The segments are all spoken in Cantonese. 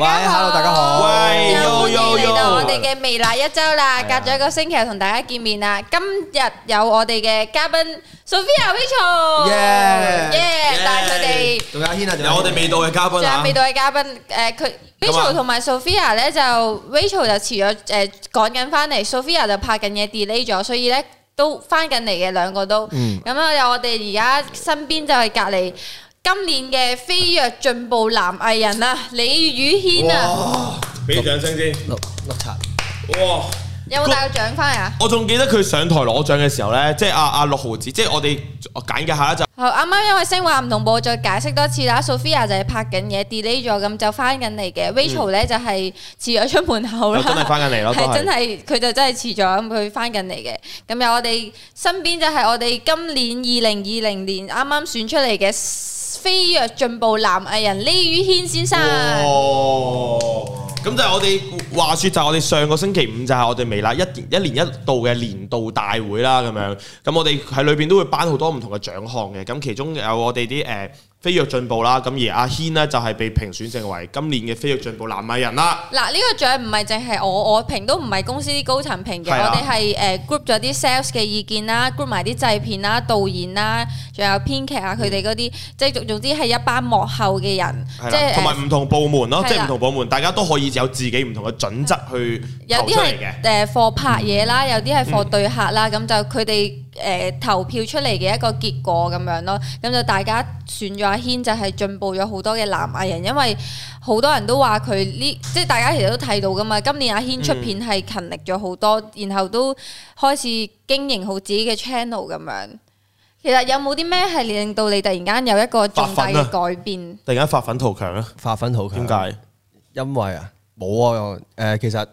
大家好，大家好，歡迎嚟到我哋嘅微辣一周啦，隔咗一個星期同大家見面啦。今日有我哋嘅嘉賓 Sofia, Rachel，但係佢哋仲有軒啊，我哋未到嘅嘉賓，未到嘅嘉賓。誒，佢 Rachel 同埋 Sofia 咧，就 Rachel 就遲咗，誒，趕緊翻嚟，Sofia 就拍緊嘢 delay 咗，所以咧都翻緊嚟嘅兩個都。咁啊，有我哋而家身邊就係隔籬。今年嘅飛躍進步男藝人啊，李宇軒啊，俾掌聲先，綠綠茶，那有冇帶個獎翻啊？我仲記得佢上台攞獎嘅時候咧，即係阿阿六毫子，即係我哋揀嘅下一集。啱啱因為聲畫唔同步，再解釋多次啦。Sofia 就係拍緊嘢，delay 咗咁就翻緊嚟嘅。嗯，Rachel 咧就係遲咗出門口啦，真係翻緊嚟咯，係真係佢就真係遲咗，咁佢翻緊嚟嘅。咁有我哋身邊就係我哋今年二零二零年啱啱選出嚟嘅。飛躍進步男藝人李宇軒先生，哦，咁就係我哋話說就係我哋上個星期五就係我哋微辣一一年一度嘅年度大會啦，咁樣，咁我哋喺裏邊都會頒好多唔同嘅獎項嘅，咁其中有我哋啲誒。呃飛躍進步啦，咁而阿軒呢就係被評選成為今年嘅飛躍進步男藝人啦。嗱，呢、這個獎唔係淨係我我評，都唔係公司啲高層評嘅，啊、我哋係誒 group 咗啲 sales 嘅意見啦，group 埋啲製片啦、導演啦，仲有編劇啊，佢哋嗰啲即係總總之係一班幕後嘅人，啊、即係同埋唔同部門咯，即係唔同部門，大家都可以有自己唔同嘅準則去投出嚟嘅。誒、呃，有啲係貨拍嘢啦，有啲係貨對客啦，咁、嗯、就佢哋。誒投票出嚟嘅一個結果咁樣咯，咁就大家選咗阿軒，就係進步咗好多嘅男藝人，因為好多人都話佢呢，即係大家其實都睇到噶嘛。今年阿軒出片係勤力咗好多，然後都開始經營好自己嘅 channel 咁樣。其實有冇啲咩係令到你突然間有一個重大嘅改變？突然間發奮圖強啊！發奮圖強點解？因為啊冇啊，誒，其實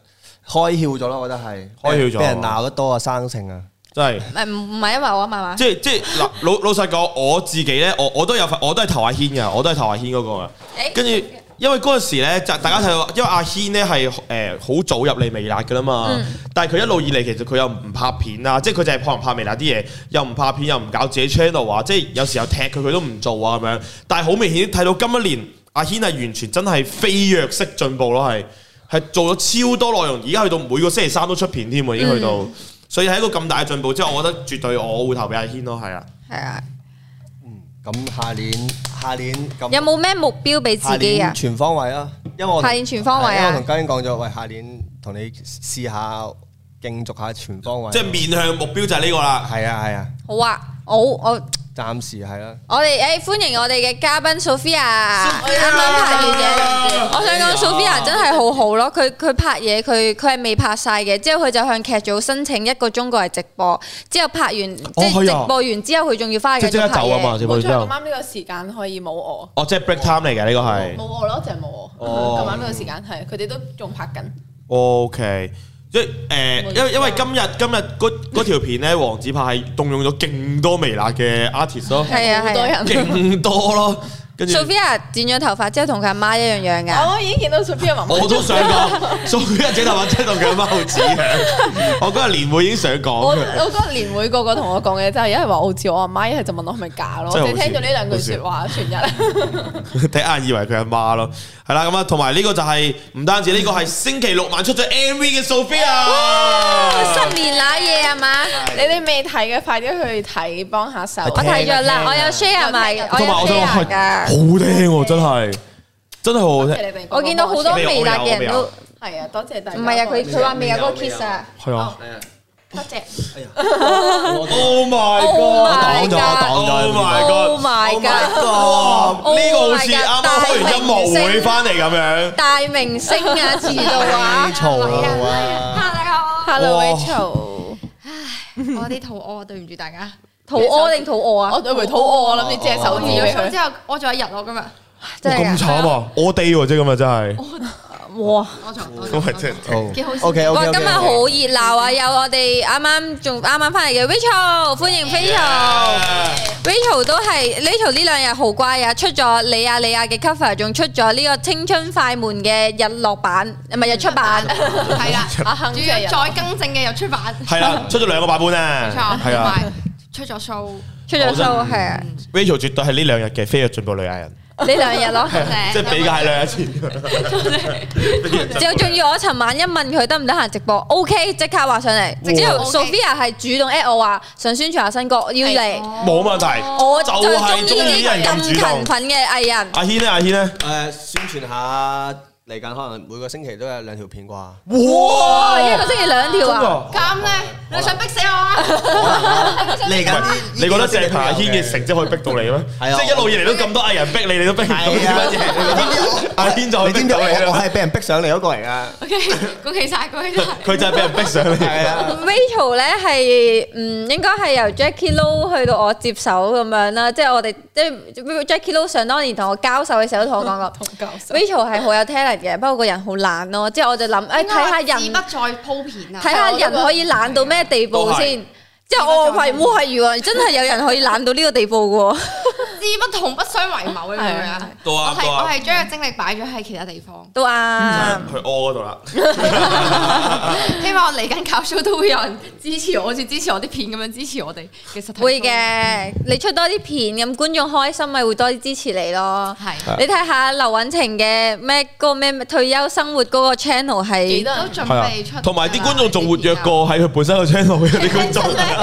開竅咗咯，我覺得係開竅咗，俾人鬧得多啊，生性啊！真係唔唔係因為我吖嘛？即係即係嗱老老實講，我自己咧，我我都有我都係投阿軒嘅，我都係投阿軒嗰、嗰個啊。跟住、欸，因為嗰陣時咧，就大家睇到，因為阿軒咧係誒好早入嚟微辣嘅啦嘛。嗯、但係佢一路以嚟其實佢又唔拍片啊，即係佢就係可能拍微辣啲嘢，又唔拍片，又唔搞自己 channel 啊。即、就、係、是、有時候又踢佢，佢都唔做啊咁樣。但係好明顯睇到今一年，阿軒係完全真係飛躍式進步咯，係係做咗超多內容，而家去到每個星期三都出片添，已經去到。嗯所以喺一個咁大嘅進步之後，我覺得絕對我會投俾阿軒咯，係啊，係啊，嗯，咁下年下年咁有冇咩目標俾自己啊？全方位啊，因為下年全方位啊，因為我同嘉欣講咗，喂，下年同你試下競逐下全方位，即係面向目標就係呢個啦，係啊，係啊，好啊，好我。我暫時係啦。我哋誒、哎、歡迎我哋嘅嘉賓 Sofia，啱啱、哎、呀拍完嘢。哎、呀我想講 Sofia 真係好好咯，佢佢、哎、呀拍嘢佢佢係未拍晒嘅，之後佢就向劇組申請一個鐘過嚟直播。之後拍完、哎、呀即係直播完之後，佢仲要翻去繼續拍嘢。即刻走啊嘛！冇錯，咁啱呢個時間可以冇我。哦，即係 break time 嚟嘅呢個係。冇我咯，就係冇我。哦，今晚呢個時間係佢哋都仲拍緊。OK。呃，因為今日今日嗰條片咧，王子派係動用咗勁多微辣嘅 artist 咯，係勁多咯。Sofia 剪咗頭髮之後同佢阿媽一樣樣噶，我已經見到 Sofia 媽媽。我都想講，Sofia 剪頭髮之後同佢阿媽好似樣。我嗰日年會已經想講，我我嗰日年會個個同我講嘅，即係一係話好似我阿媽，一係就問我係咪假咯。即係聽咗呢兩句說話全日，啲人以為佢阿媽咯，係啦咁啊。同埋呢個就係唔單止呢個係星期六晚出咗 MV 嘅 Sofia。哇！新年瀨嘢啊嘛？你哋未睇嘅快啲去睇，幫下手。我睇咗啦，我有 share 埋，我 share 噶。好聽哦，真係，真係好好聽。我見到好多未達嘅人都係啊，多謝大。唔係啊，佢佢話未有嗰個 kiss 啊。係啊，多謝。Oh my God！擋住啊，擋住！Oh my God！Oh my God！呢個好似啱啱開完音樂會翻嚟咁樣。大明星啊，遲到啊。Hello，Hello，Rachel。我啲肚屙，對唔住大家。肚餓定肚餓啊！我以為肚餓，我諗你借手機。完咗之後，餓咗一日咯。今日真係咁慘啊！我哋喎，即係咁啊，真係。哇！我從我真係好。O K O K 哇，今日好熱鬧啊！有我哋啱啱仲啱啱翻嚟嘅 Rachel，歡迎 Rachel。Rachel 都係 Rachel 呢兩日好乖啊！出咗李亞李亞嘅 cover，仲出咗呢個青春快門嘅日落版，唔係日出版，係啦。啊，主持人再更正嘅日出版。係啦，出咗兩個版本啊，係啊。出咗 show，出咗 show 係啊，Rachel 絕對係呢兩日嘅飛躍進步女藝人，呢兩日咯，即係 比較係兩日前。就 仲要 我尋晚一問佢得唔得閒直播，OK 即刻話上嚟。播之後、哦、Sophia 係主動 at 我話想宣傳下新歌，要嚟，冇問題。我就中意啲咁勤奮嘅藝人。阿軒咧，阿軒咧，誒、啊，啊啊、宣傳下。嚟緊可能每個星期都有兩條片啩，哇，一個星期兩條啊，咁啊你想逼死我啊？嚟緊，你覺得係阿軒嘅成績可以逼到你咩？係啊，即係一路以嚟都咁多藝人逼你，你都逼唔到啲乜嘢？阿軒就可以逼到你啦。我係被人逼上嚟嗰個嚟噶。OK，恭喜曬，恭喜曬。佢就係被人逼上嚟。Rachel 咧，係嗯，應該係由 Jacky Lou 去到我接手咁樣啦，即係我哋即係 Jacky Lou 想當年同我交手嘅時候都同我講過，Rachel 係好有聽力。嘅，不過個人好懶咯，之後我就諗：誒睇下人，睇下、啊、人可以懶到咩地步先。即我係我係，哇！真係有人可以攬到呢個地步嘅喎，志不同不相為謀咁樣、啊啊我。我係我係將個精力擺咗喺其他地方。都啱、啊。去屙嗰度啦。 希望我嚟緊搞笑都會有人支持我，好似、啊、支持我啲片咁樣支持我哋。其實會嘅，你出多啲片，咁觀眾開心咪會多啲支持你咯。係、啊。你睇下劉蘊晴嘅咩嗰個咩退休生活嗰個 channel 係都準備出，同埋啲觀眾仲活躍過喺佢本身個 channel 啲觀眾、啊。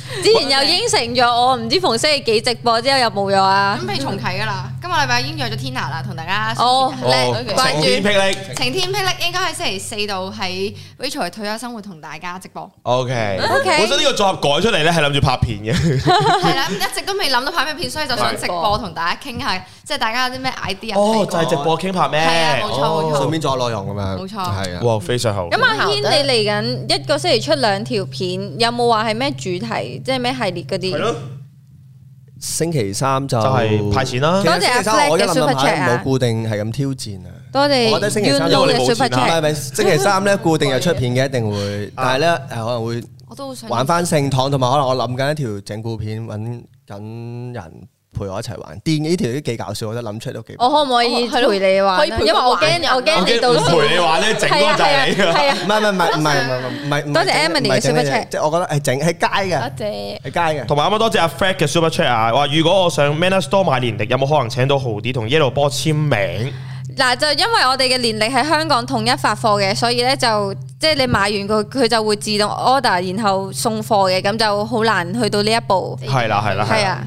之前又應承咗我唔知逢星期幾直播，之後又冇咗啊？咁你重啟㗎啦！今個禮拜已經約咗 Tina 啦，同大家哦哦晴天霹靂，晴天霹靂應該喺星期四度喺 Rachel 退休生活同大家直播。OK OK，本身呢個組合改出嚟咧係諗住拍片嘅，係啦，一直都未諗到拍咩片，所以就想直播同大家傾下，即係大家有啲咩 idea。哦，就係直播傾拍咩？係啊，冇錯冇錯，順便做下內容㗎嘛。冇錯，係啊，哇非常好。咁阿軒你嚟緊一個星期出兩條片，有冇話係咩主題？即係咩系列嗰啲？係咯，星期三就係派錢啦。多謝，星期三我一諗下冇固定係咁挑戰啊。多謝，我覺得星期三就冇挑戰。星期三咧固定又出片嘅，一定會。但係咧誒，可能會玩翻聖堂，同埋可能我諗緊一條整蠱片，搵緊人。陪我一齊玩，電影呢條都幾搞笑，我真諗出都幾。我可唔可以陪你玩？可以陪，因為我驚，我驚跌到。陪你玩呢整多仔，係啊，唔係唔係唔係唔係唔係。多謝 Emily super chat，即係我覺得係整喺街嘅，多謝喺街嘅。同埋咁多謝阿 Fred 嘅 super chat 啊，話如果我想 Manner Store 買年歷，有冇可能請到豪仔同 Yellow 波簽名？嗱，就因為我哋嘅年歷喺香港統一發貨嘅，所以咧就即係你買完佢，佢就會自動 order，然後送貨嘅，咁就好難去到呢一步。係啦係啦係啊！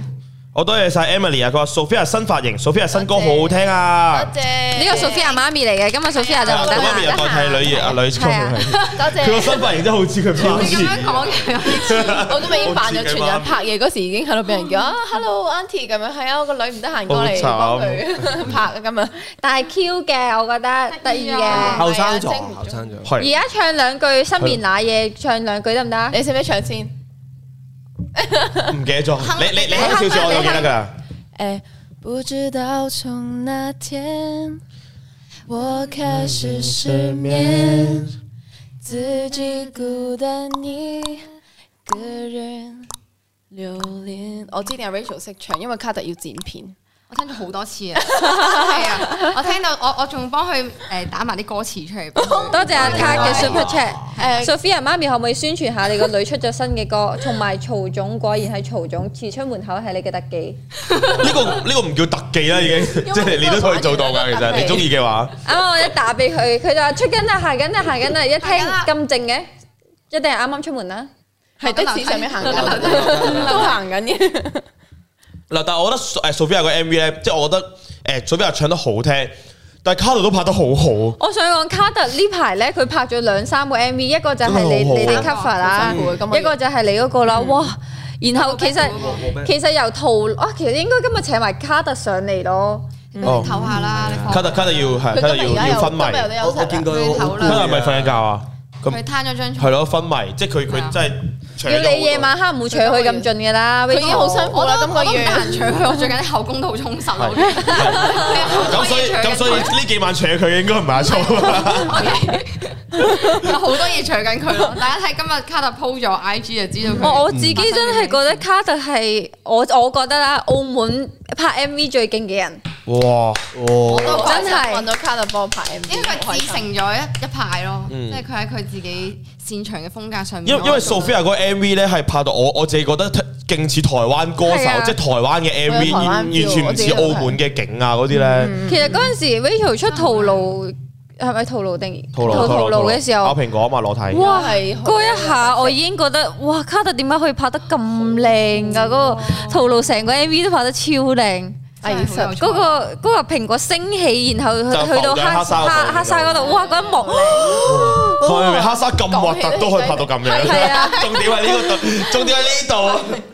我多謝晒 Emily 啊！佢話 Sophia 新髮型，Sophia 新歌好好聽啊！多謝呢個 Sophia 媽咪嚟嘅，今日 Sophia 就媽咪又代替女兒阿女唱。多謝佢個新髮型真係好似佢媽咪咁樣講嘅，我都未扮咗。全日拍嘢嗰時已經喺度俾人叫，Hello Auntie，咁樣係啊，我個女唔得閒過嚟幫佢拍啊咁啊，但係 Q 嘅我覺得得意嘅後生咗，後生咗，而家唱兩句失眠那嘢，唱兩句得唔得？你使唔使唱先？唔 跟 記得咗小 Separ,，你你你講少少，我有記得㗎。哎，不知道從哪天，我開始失眠，自己孤單一個人留戀。 我知道 Rachel 識唱，因為卡特要剪片。聽咗好多次啊！係 啊，我聽到我我仲幫佢誒打埋啲歌詞出嚟。多謝阿 Cat 嘅 Super Chat。誒為、啊啊，Sophia 媽咪可唔可以宣傳下你個女出咗新嘅歌？同埋曹總果然係曹總，遲出門口係你嘅特技。呢、 這個呢、這個唔叫特技啦、啊，已經即係 你都可以做到㗎。其實你中意嘅話，啱、 啊、我一打俾佢，佢就話出緊啦，行緊啦，行緊啦。一聽咁靜嘅，一定係啱啱出門啦。係的士上面行緊， 都行緊嘅。 嗱，但係我覺得誒 Sofia 個 MV 咧，即係我覺得誒 Sofia 唱得好聽，但係卡特都拍得好好。我想講卡特呢排咧，佢拍咗兩三個 MV，一個就係你你啲 cover 啦，一個就係你嗰個啦，哇！然後其實其實由圖啊，其實應該今日請埋卡特上嚟咯，俾你唞下啦。卡特卡特要係卡特要要昏迷，我見過卡特咪瞓緊覺啊，佢攤咗張床，係咯昏迷，即係佢佢真係。要你夜晚黑唔好扯佢咁盡嘅啦，佢已經好辛苦啦。我諗我越行扯佢，我最近啲後宮都好充實。咁所以咁所以呢幾晚扯佢應該唔係阿操，有好多嘢扯緊佢咯。大家睇今日卡特 po 咗 IG 就知道。我我自己真係覺得卡特係我我覺得啦，澳門拍 MV 最勁嘅人。哇哇，真係揾到卡特幫拍 MV，因為佢自成咗一一派咯，即係佢喺佢自己。戰場嘅風格上面，因因為 Sophia 個 MV 咧係拍到我我自己覺得勁似台灣歌手，即係台灣嘅 MV，完全唔似澳門嘅景啊嗰啲咧。其實嗰陣時，Rachel 出《桃奴》，係咪《桃奴》定《桃桃奴》嘅時候？買蘋果啊嘛，裸體。哇！嗰一下我已經覺得，哇！卡特點解可以拍得咁靚噶？嗰個《桃奴》成個 MV 都拍得超靚。藝術嗰個蘋果升起，然後去有有去到黑黑沙黑沙嗰度，哇！嗰一幕，哇！ 黑沙咁核突都可以拍到咁樣， 係啊，重點係呢、呢個， 重點係呢度。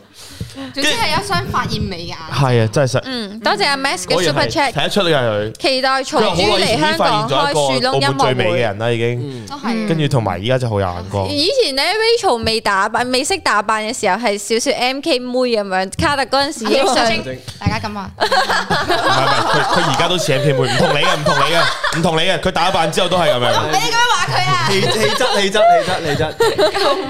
總之係一雙發現美顏！係啊，真係實。嗯，多謝阿 Max 嘅 Super Chat 睇得出你係佢。期待從珠嚟香港開樹窿，音樂美嘅人啦，已經。都係。跟住同埋依家就好有眼光。以前咧 Rachel 未打扮、未識打扮嘅時候，係少少 MK 妹咁樣。卡特嗰陣時。大家咁話。唔係唔係，佢佢而家都似 MK 妹，唔同你嘅，唔同你嘅，唔同你嘅。佢打扮之後都係咁樣。你咁樣話佢啊？氣氣質氣質氣質氣質。救命！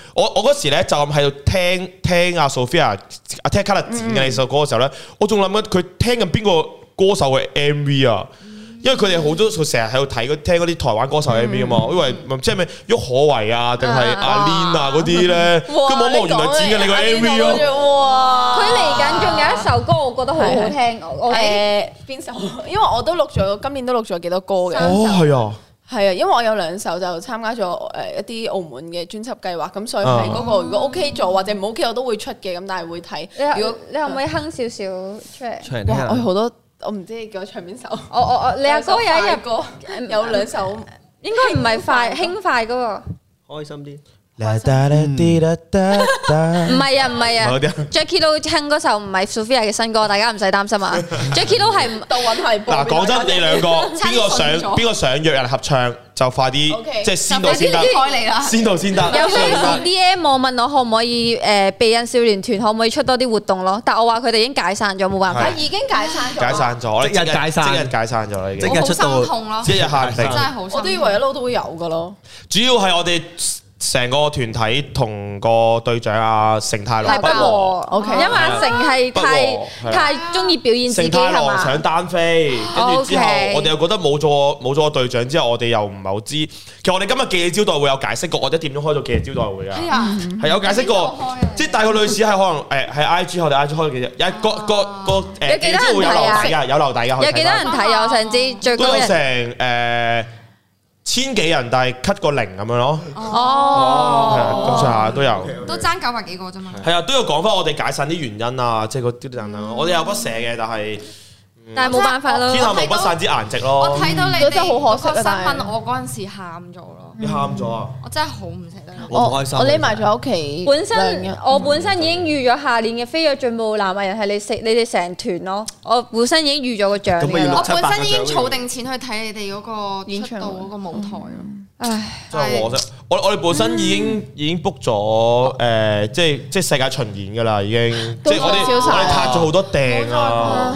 我我嗰時咧就咁喺度聽聽阿 Sophia 阿 Takara 剪緊呢首歌嘅時候咧，嗯、我仲諗緊佢聽緊邊個歌手嘅 MV 啊，因為佢哋好多佢成日喺度睇佢聽嗰啲台灣歌手 MV 啊嘛，因為即係咩郁可唯啊，定係阿 Lin 啊嗰啲咧，佢冇冇原來剪緊你個 MV 咯、啊。佢嚟緊仲有一首歌，我覺得好好聽。誒的，邊、呃、首？因為我都錄咗，今年都錄咗幾多歌嘅。30 哦，係啊。係啊，因為我有兩首就參加咗誒一啲澳門嘅專輯計劃，咁所以係嗰個如果 OK 做，或者唔 OK 我都會出嘅，咁但係會睇、呃。你如果你可唔可以哼少少出嚟？a c 哇，我好多，我唔知叫我唱邊首。我我我，你阿哥有一個有兩首，應該唔係快輕快嘅喎，開心啲。唔係啊，唔係啊 Jacky Lou 聽嗰首唔係 Sophia 嘅新歌，大家唔使擔心啊。Jacky Lou 係杜云提播。嗱，講真，你兩個邊個想邊個想約人合唱，就快啲，即係先到先得，先到先得。有啲 D M 我問我可唔可以誒，避孕少年團可唔可以出多啲活動咯？但我話佢哋已經解散咗，冇辦法，已經解散咗，解散咗，即日解散，即日解散咗，已經好心痛咯，真係好心痛，我都以為一路都會有噶咯。主要係我哋。成個團體同個隊長阿成太郎係不和，OK，因為成係太太中意表演自己，成太郎想單飛，跟住之後我哋又覺得冇咗冇咗個隊長之後，我哋又唔係好知。其實我哋今日記者招待會有解釋過，我哋一點鐘開咗記者招待會啊，係有解釋過，即係大係個類似係可能誒係 IG 我哋 IG 開記者有個個個誒記者會有留底噶，有留底噶，有幾多人睇？我想知最高成誒。千幾人，但係 cut 個零咁樣咯。哦，咁上下都有，都爭九百幾個啫嘛。係啊，都要講翻我哋解散啲原因啊，即係嗰啲等等，我哋有不捨嘅，但係是，嗯、但係冇辦法咯，天下無不散之筵席咯。我睇到你、嗯、真係好可惜啊！新聞我嗰陣時喊咗。你喊咗啊！我真係好唔捨得，我我匿埋咗屋企。本身我本身已經預咗下年嘅飛躍進步男藝人係你，成你哋成團咯。我本身已經預咗個獎，我本身已經儲定錢去睇你哋嗰個演唱度嗰個舞台咯。唉，真係我真我哋本身已經已經 book 咗誒，即係即係世界巡演㗎啦，已經。都少曬。我哋拍咗好多訂啊！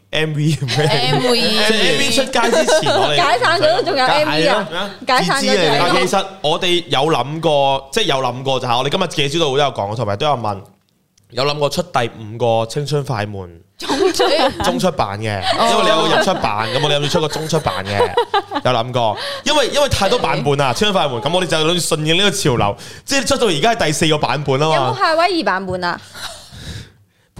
M V 咩？M V M V 出街之前，解散咗仲有 M V 啊！解散咗。散其實我哋有諗過，即、就、係、是、有諗過就係。我哋今日記者招待會都有講，同埋都有問，有諗過出第五個青春快門中出、啊、中出版嘅，因為你有個入出版，咁我哋諗住出個中出版嘅，有諗過。因為因為太多版本啊，青春快門，咁我哋就諗住順應呢個潮流，即係出到而家係第四個版本啊嘛。有冇夏威夷版本啊？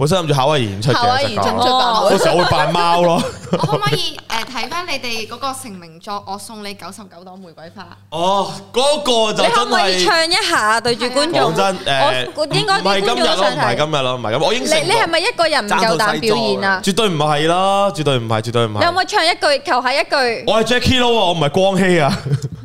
我真諗住考下演出，考下演出，我都想會扮貓咯。我可唔可以誒睇翻你哋嗰個成名作《我送你九十九朵玫瑰花》？哦，嗰個就真係。可唔可以唱一下對住觀眾？講真誒，唔係今日咯，唔係今日咯，唔係咁。我應承過。你你係咪一個人唔夠膽表演啊？絕對唔係啦，絕對唔係，絕對唔係。你有冇唱一句？求下一句。我係 Jacky Lou 咯，我唔係光熙啊。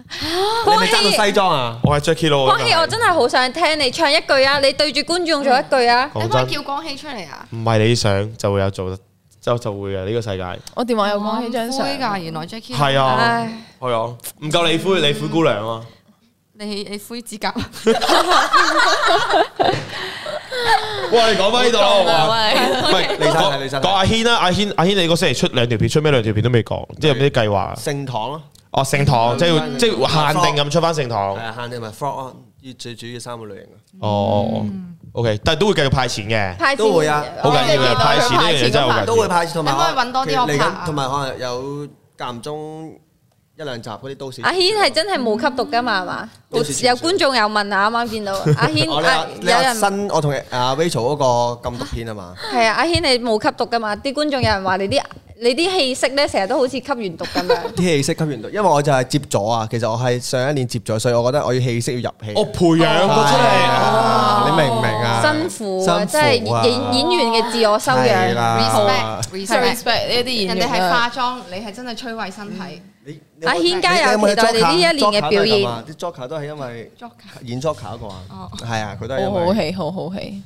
啊！我着到西裝啊！我係 Jacky 咯。光熙，我真係好想聽你唱一句啊！你對住觀眾做一句啊！你可以叫光熙出嚟啊！唔係你想就會有做，就就會嘅呢個世界。我電話有光熙張相噶，原來 Jacky 係啊，係啊，唔夠你灰，你灰姑娘啊！你你灰指甲。喂，講翻呢度啦，唔係，講阿軒啦，阿軒，阿軒，你個星期出兩條片，出咩兩條片都未講，即係有咩計劃？聖堂咯。哦，聖堂即係即係限定咁出翻聖堂，係啊，限定咪 four on，最最主要三個類型嘅。哦，OK，但係都會繼續派錢嘅，都會啊，好緊要嘅派錢啲嘢真係好緊要，都會派錢，同埋我嚟緊，同埋可能有間唔中一兩集嗰啲都市。阿軒係真係冇吸毒㗎嘛？係嘛？有觀眾有問啊，啱啱見到阿軒，有人新我同阿 Rachel 嗰個禁毒片啊嘛。係啊，阿軒你冇吸毒㗎嘛？啲觀眾有人話你啲。你啲氣息咧，成日都好似吸完毒咁樣。啲氣息吸完毒，因為我就係接咗啊。其實我係上一年接咗，所以我覺得我要氣息要入戲。我培養出嚟，你明唔明啊？辛苦啊，即係演演員嘅自我修養。respect respect 呢啲演人哋係化妝，你係真係摧毀身體。你阿軒家有冇睇你呢一年嘅表演？啲 joker 都係因為演 joker 嗰個啊，係啊，佢都係好好戲，好好戲。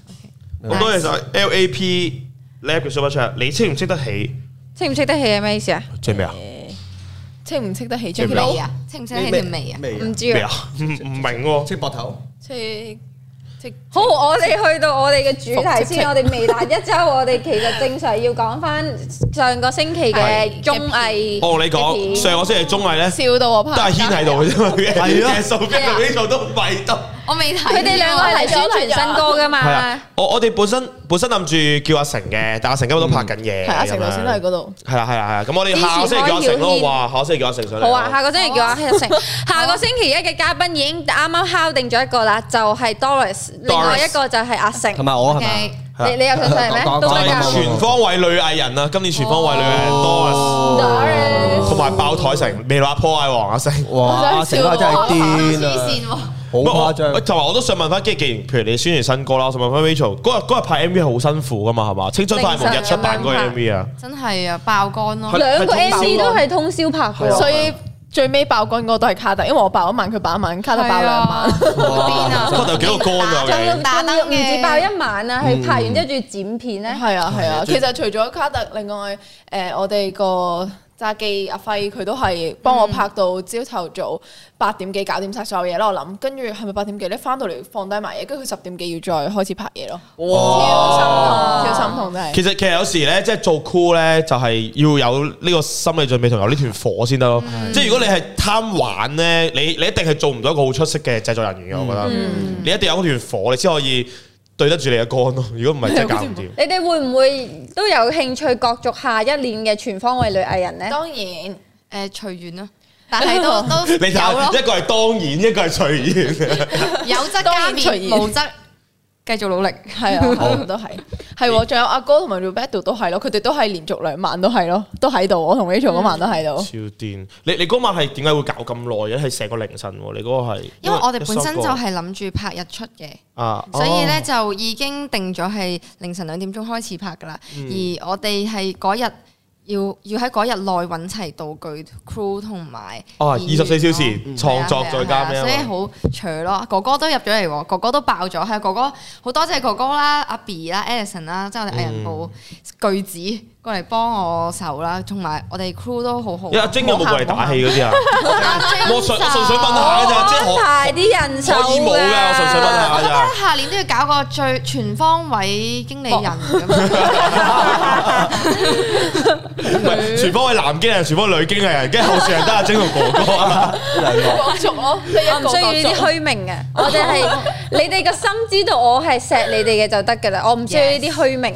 咁多謝曬 lap lab 嘅 super chat，你識唔識得起？識唔識得起啊？咩意思啊？即係咩啊？識唔識得起張利啊？識唔識得起條眉啊？唔知啊？唔明喎？即係白頭？識識好！我哋去到我哋嘅主題先。我哋微辣一周，我哋其實正常要講翻上個星期嘅綜藝。哦，你講上個星期綜藝咧，笑到我怕都係軒喺度嘅啫嘛？係咯，數邊個邊做都咪得。我未睇，佢哋兩個係嚟宣傳新歌噶嘛？係啊，我我哋本身本身諗住叫阿成嘅，但阿成根本都拍緊嘢，係阿成又先喺嗰度。係啦係啦係啦，咁我哋下個星期叫阿成咯，哇，下個星期叫阿成上嚟。好啊，下個星期叫阿阿成。下個星期一嘅嘉賓已經啱啱敲定咗一個啦，就係 Doris，另外一個就係阿成，同埋我係嘛？你你有想上咩？全方位女藝人啊，今年全方位女藝人 Doris，同埋爆台成，咪話破壞王阿成，哇，阿成真係癲啊！好誇張，同埋我都想問翻既然，譬如你宣傳新歌啦，我想問翻 Rachel，嗰日嗰日拍 MV 好辛苦㗎嘛，係嘛？青春大夢日出版個 MV 啊，真係啊爆肝咯，兩個 MV 都係通宵拍，所以最尾爆肝嗰個都係卡特，因為我爆一晚，佢爆一晚，卡特爆兩晚。邊啊？哇有卡特幾個肝㗎、啊？打打打，唔你止爆一晚啊！佢拍完之後要剪片咧。係、嗯、啊係啊，啊，啊，其實除咗卡特，另外誒、呃、我哋、那個。揸機阿輝佢都係幫我拍到朝頭早八點幾搞掂曬所有嘢啦，我諗跟住係咪八點幾咧返到嚟放低埋嘢，跟住佢十點幾要再開始拍嘢咯。哇！超心痛，超心痛真係。其實其實有時咧，即係做 crew 咧，就係要有呢個心理準備同有呢團火先得咯。嗯、即係如果你係貪玩咧，你你一定係做唔到一個好出色嘅製作人員嘅，我覺得。嗯、你一定要有呢團火，你先可以。對得住你嘅肝咯，如果唔係真係搞唔掂。你哋會唔會都有興趣角逐下一年嘅全方位女藝人咧？當然，誒隨緣啦，但係都 都你看有咯一個係當然，一個係隨緣， 有則加勉，無則。繼續努力，係啊，都係，係喎、oh.，仲有阿哥同埋 Rubble 都係咯，佢哋都係連續兩晚都係咯，都喺度，我同 Rachel 嗰晚都喺度、嗯。超癲！你你嗰晚係點解會搞咁耐咧？係成個凌晨，你嗰個係？因為我哋本身就係諗住拍日出嘅，啊哦、所以咧就已經定咗係凌晨兩點鐘開始拍㗎喇。嗯、而我哋係嗰日。要要喺嗰日內揾齊道具、crew 同埋哦，二十四小時、嗯、創作再加咩咯，所以好除咯。哥哥都入咗嚟喎，哥哥都爆咗，係哥哥，好多謝哥哥啦，阿 B 啦、Edison 啦，即係我哋藝人部句子。嗯過嚟幫我手啦，同埋我哋 crew 都好好。阿晶有冇過嚟打氣嗰啲啊？ 我純粹問下啫，即係安排啲人手啊。我依冇啊，純粹問下咋。下年都要搞個最全方位經理人咁樣。 唔係全方位男經理人，全方位女經理人，跟住後世人都阿晶同哥哥啊嘛。我唔需要呢啲虛名嘅，我哋係 你哋個心知道我係錫你哋嘅就得噶啦， 我唔需要呢啲虛名。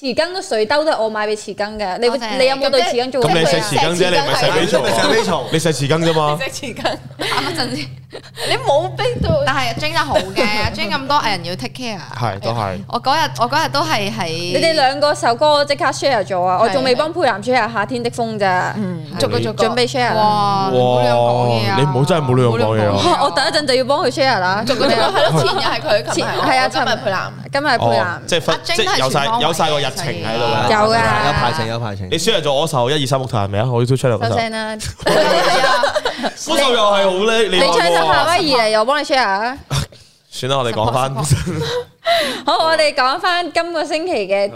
匙羹都水兜都係我買俾匙羹嘅，你你有冇對匙羹做嘢？咁你洗匙羹啫，你唔係洗飛蟲，你食飛蟲，你洗匙羹啫嘛。洗匙羹。等我陣先，你冇逼到。但係 join 得好嘅，join 咁多人要 take care。係，都係。我嗰日我嗰日都係喺。你哋兩個首歌即刻 share 咗啊！我仲未幫佩南 share 夏天的風咋。逐個逐個準備 share。哇！哇！你唔好真係冇兩樣講嘢啊！我第一陣就要幫佢 share 啦。係咯，前日係佢，前係啊，今日佩南。今日佩南。即係分，有晒，有晒個情喺度啦，有噶，有排程，有排程。你 share 咗我首一二三木頭係咪啊？我都出嚟。好聲啦。嗰首又係好叻，你唱首《夏威夷嚟，又我幫你 share 啊，啊。算啦，啊，我哋講翻。好，我哋講翻今個星期嘅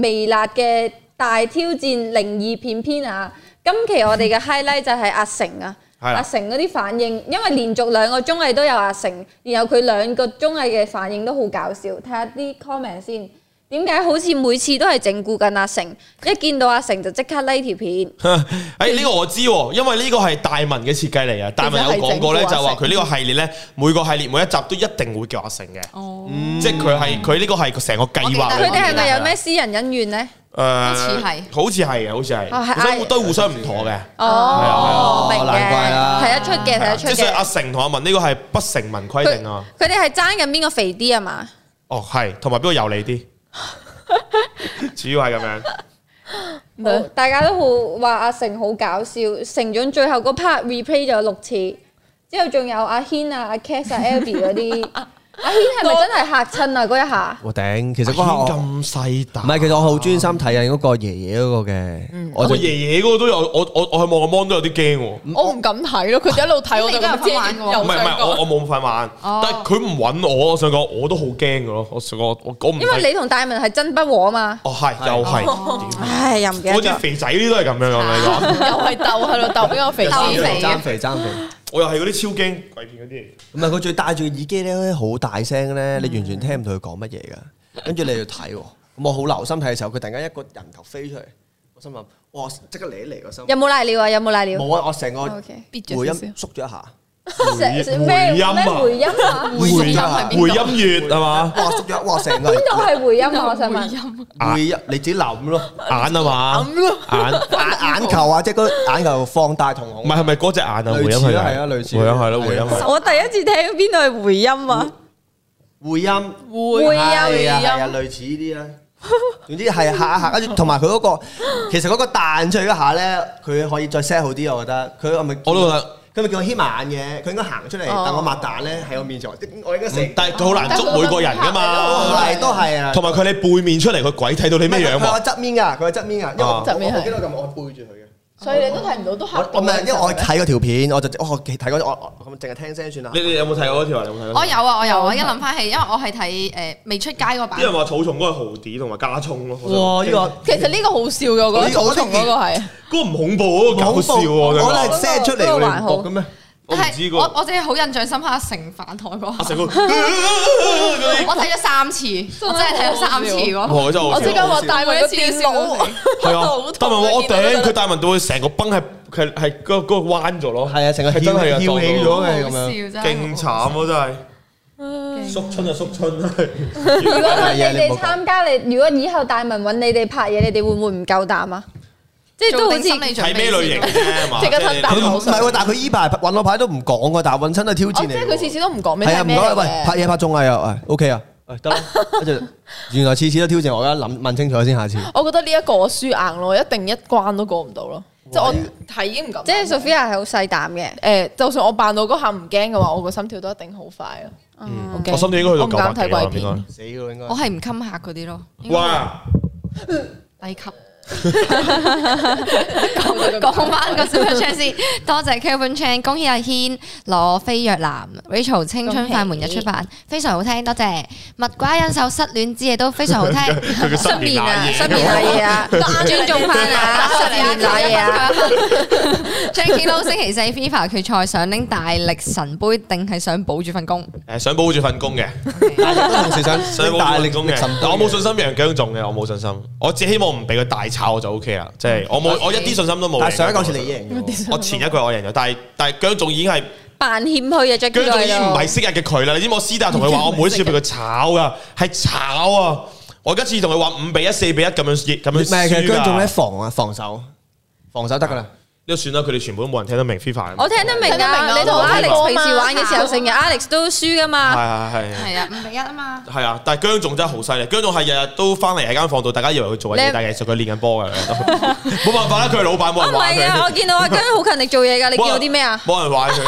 微辣嘅大挑戰靈異片篇啊！今期我哋嘅 highlight 就係阿成啊，阿成嗰啲反應，因為連續兩個綜藝都有阿成，然後佢兩個綜藝嘅反應都好搞笑，睇下啲 comment 先。點解好似每次都係整蠱緊阿成？一見到阿成就即刻拉條片。誒、哎、呢、這個我知，因為呢個係大文嘅設計嚟啊。大文有講過咧，就話佢呢個系列咧，每個系列每一集都一定會叫阿成嘅。嗯、即係佢係佢呢個係成個計劃。佢哋係咪有咩私人恩怨咧？誒、呃，好似係，好似係嘅，好似係。相互都互相唔妥嘅。哦，啊，明嘅，睇得出嘅，睇得出。即係阿成同阿文呢、這個係不成文規定啊。佢哋係爭緊邊個肥啲啊嘛？哦，係，同埋邊個油膩啲？ 主要係咁樣 大家都好話阿成好搞笑，成咗最後嗰 part replay 咗六次，之後仲有阿軒啊、阿 cast 啊, as, 啊、Alvy 嗰啲。阿軒係咪真係嚇親啊？嗰一下，我頂。其實嗰下咁細膽，唔係，其實我好專心睇緊嗰個爺爺嗰個嘅。我爺爺嗰個都有，我我我去望個芒都有啲驚。我唔敢睇咯，佢哋一路睇，我哋又唔係唔係，我我冇咁快慢。但係佢唔搵我，我想講，我都好驚嘅咯。我想講，我講唔。因為你同戴文係真不和嘛？哦，係又係，唉，又唔記得。好似肥仔啲都係咁樣，又係又係鬥佢嚟鬥，我肥仔肥。我又係嗰啲超驚鬼片嗰啲，唔係，佢仲戴住耳機咧，好大聲咧，你完全聽唔到佢講乜嘢噶。跟住你要睇，咁我好留心睇嘅時候，佢突然間一個人頭飛出嚟，我心諗，嘩，我即刻嚟嚟個心。有冇瀨尿啊？有冇瀨尿？冇啊！我成個背音縮咗、oh, okay. 一,一下。咩回音啊？回音，回音月係嘛？哇！十一，哇！成個邊度係回音啊？我請問回音，回音你自己諗咯，眼啊嘛？眼眼眼球啊，即係個眼球放大瞳孔。唔係，係咪嗰隻眼啊？回音係啊，類似回音係咯，回音。我第一次聽邊度係回音啊？回音，回音，回音啊！類似呢啲啦，總之係吓吓，跟住同埋佢嗰個，其實嗰個彈出一下咧，佢可以再 set 好啲，我覺得佢係咪？我都覺得。佢咪叫我掀埋眼嘅，佢應該行出嚟，哦、但我抹蛋咧喺我面前，我應該死。但係佢好難捉每個人噶嘛，都係啊。同埋佢你背面出嚟，個鬼睇到你咩樣？佢係側面噶，佢係側面噶，因為我我背住佢嘅。所以你都睇唔到，都黑。我唔係，因為我睇嗰條片，我就哦，睇嗰我咁淨係聽聲算啦。你哋有冇睇嗰條啊？你有冇睇？我有啊，我有。我而家諗翻起，因為我係睇誒未出街嗰版。因為話草叢嗰個蠔子同埋加葱咯。哇！呢個其實呢個好笑嘅，我覺得草叢嗰個係。嗰個唔恐怖，嗰個搞笑喎。我係 send 出嚟嚟講嘅咩？我係我我真係好印象深刻成反台嗰，我睇咗三次，我真係睇咗三次嗰。我最近我戴文嘅電視，係戴文我頂，佢戴文到佢成個崩係佢係嗰嗰個彎咗咯，係啊，成個翹翹起咗嘅咁樣，勁慘咯真係，縮春就縮春，如果你哋參加你，如果以後戴文揾你哋拍嘢，你哋會唔會唔夠膽啊？即係都好似睇咩類型，即係個膽唔，但係佢依排揾個牌都唔講噶，但係揾親都挑戰你，即係佢次次都唔講咩。係啊，唔講，喂，拍嘢拍中啊，喂，OK 啊，喂，得啦，一。原來次次都挑戰我，而家。諗問清楚先，下次。我覺得呢一個我輸硬咯，一定一關都過唔到咯。即係我係已經唔敢。即係 Sophia 係好細膽嘅，誒，就算我扮到嗰下唔驚嘅話，我個心跳都一定好快啊。我心跳應該去到九百幾啊，應該。死應該。我係唔禁嚇嗰啲咯。哇！級。講翻個 Super Chat 先，多謝 Kelvin Chan，恭喜阿軒攞飛若男 Rachel 青春快門日出發，非常好聽，多謝。蜜瓜忍受失戀之夜都非常好聽，失眠啊，失眠係啊，都啱尊重翻啊，失眠咗嘢啊。Jacky Lou 星期四 FIFA 決賽，想拎大力神杯定係想保住份工？誒，想保住份工嘅，同時想想大力工嘅，我冇信心楊姜中嘅，我冇信心，我只希望唔俾佢大。炒我就 O K 啦，即係、嗯、我冇、嗯、我一啲信心都冇。但上一次你贏，我，贏我前一句我贏咗，但係但係姜仲已經係扮謙虛啊，再姜仲已經唔係昔日嘅佢啦。你知唔知我私底下同佢話，我每次俾佢炒噶，係炒啊！炒我而家次同佢話五比一、四比一咁樣咁樣輸嘅。姜仲咩防啊，防守防守得噶啦。都算啦，佢哋全部都冇人聽得明 FIFA。我聽得明啊！你同 Alex 平時玩嘅時候，成日 Alex 都輸噶嘛？係係係。係啊，五比一啊嘛。係啊，但係姜總真係好犀利。姜總係日日都翻嚟喺間房度，大家以為佢做緊嘢但其實，佢練緊波噶。冇辦法啦，佢係老闆，冇人玩佢。唔係啊，我見到阿姜好勤力做嘢噶。你見到啲咩啊？冇人玩佢。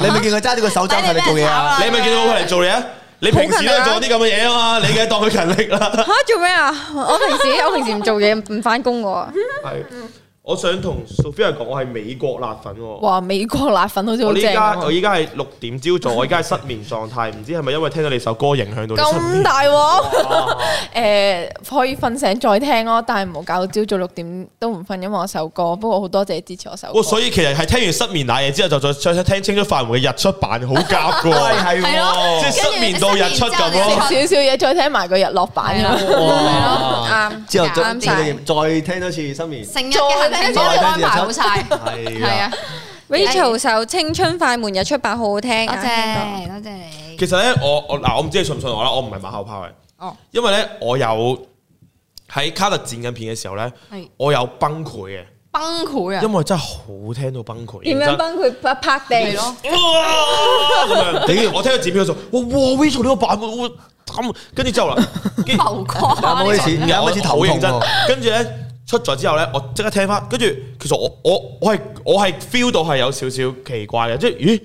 你咪見佢揸住個手揸嚟做嘢啊？你咪見到佢嚟做嘢？啊？你平時都做啲咁嘅嘢啊嘛？你梗係當佢勤力啦。做咩啊？我平時我平時唔做嘢唔返工喎。我想同 Sofia 嚟講，我係美國辣粉。哇！美國辣粉好似好正。我依家係六點朝早，我而家係失眠狀態，唔知係咪因為聽到你首歌影響到？咁大鑊，可以瞓醒再聽咯，但係唔好搞到朝早六點都唔瞓，因為我首歌。不過好多謝支持我首歌。所以其實係聽完失眠奶嘢之後，就再再聽清楚範圍嘅日出版，好夾㗎。即係失眠到日出咁咯。少少嘢再聽埋個日落版。係啱。之後再再聽多次失眠。我 安排好晒，係 啊。左 ai Rachel 就青春快門》日出版好好聽嘅多謝你。Ie, 其實咧，我我嗱，我唔知你信唔信我啦。我唔係馬後炮嘅，哦，因為咧，我有喺《卡特戰警片》嘅時候咧，我有崩潰嘅，崩潰啊！因為真係好聽到崩潰。點樣崩潰？啪啪地咯。咁樣、啊， 我聽到字片嘅時候，哇 wow, Rachel 呢個版本，我咁，跟住之後啦，頭光。唔好意思，啱開始好認真，跟住咧。 出咗之後呢，我即刻聽翻，跟住其實我我我係我係 feel 到係有少少奇怪嘅，即係咦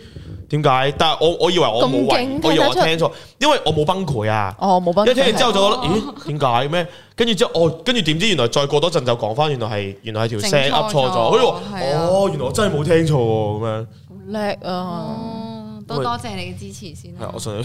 點解？但係我我以為我冇我以為我聽錯，聽因為我冇崩潰啊。哦，冇崩潰、啊、一聽完之後就覺得咦點解咩？跟住之後哦，跟住點知原來再過多陣就講翻，原來係原來係條聲噏錯咗。哎喎，啊、哦原來我真係冇聽錯喎、啊、咁樣。叻啊、嗯！多謝你嘅支持先。係，我想。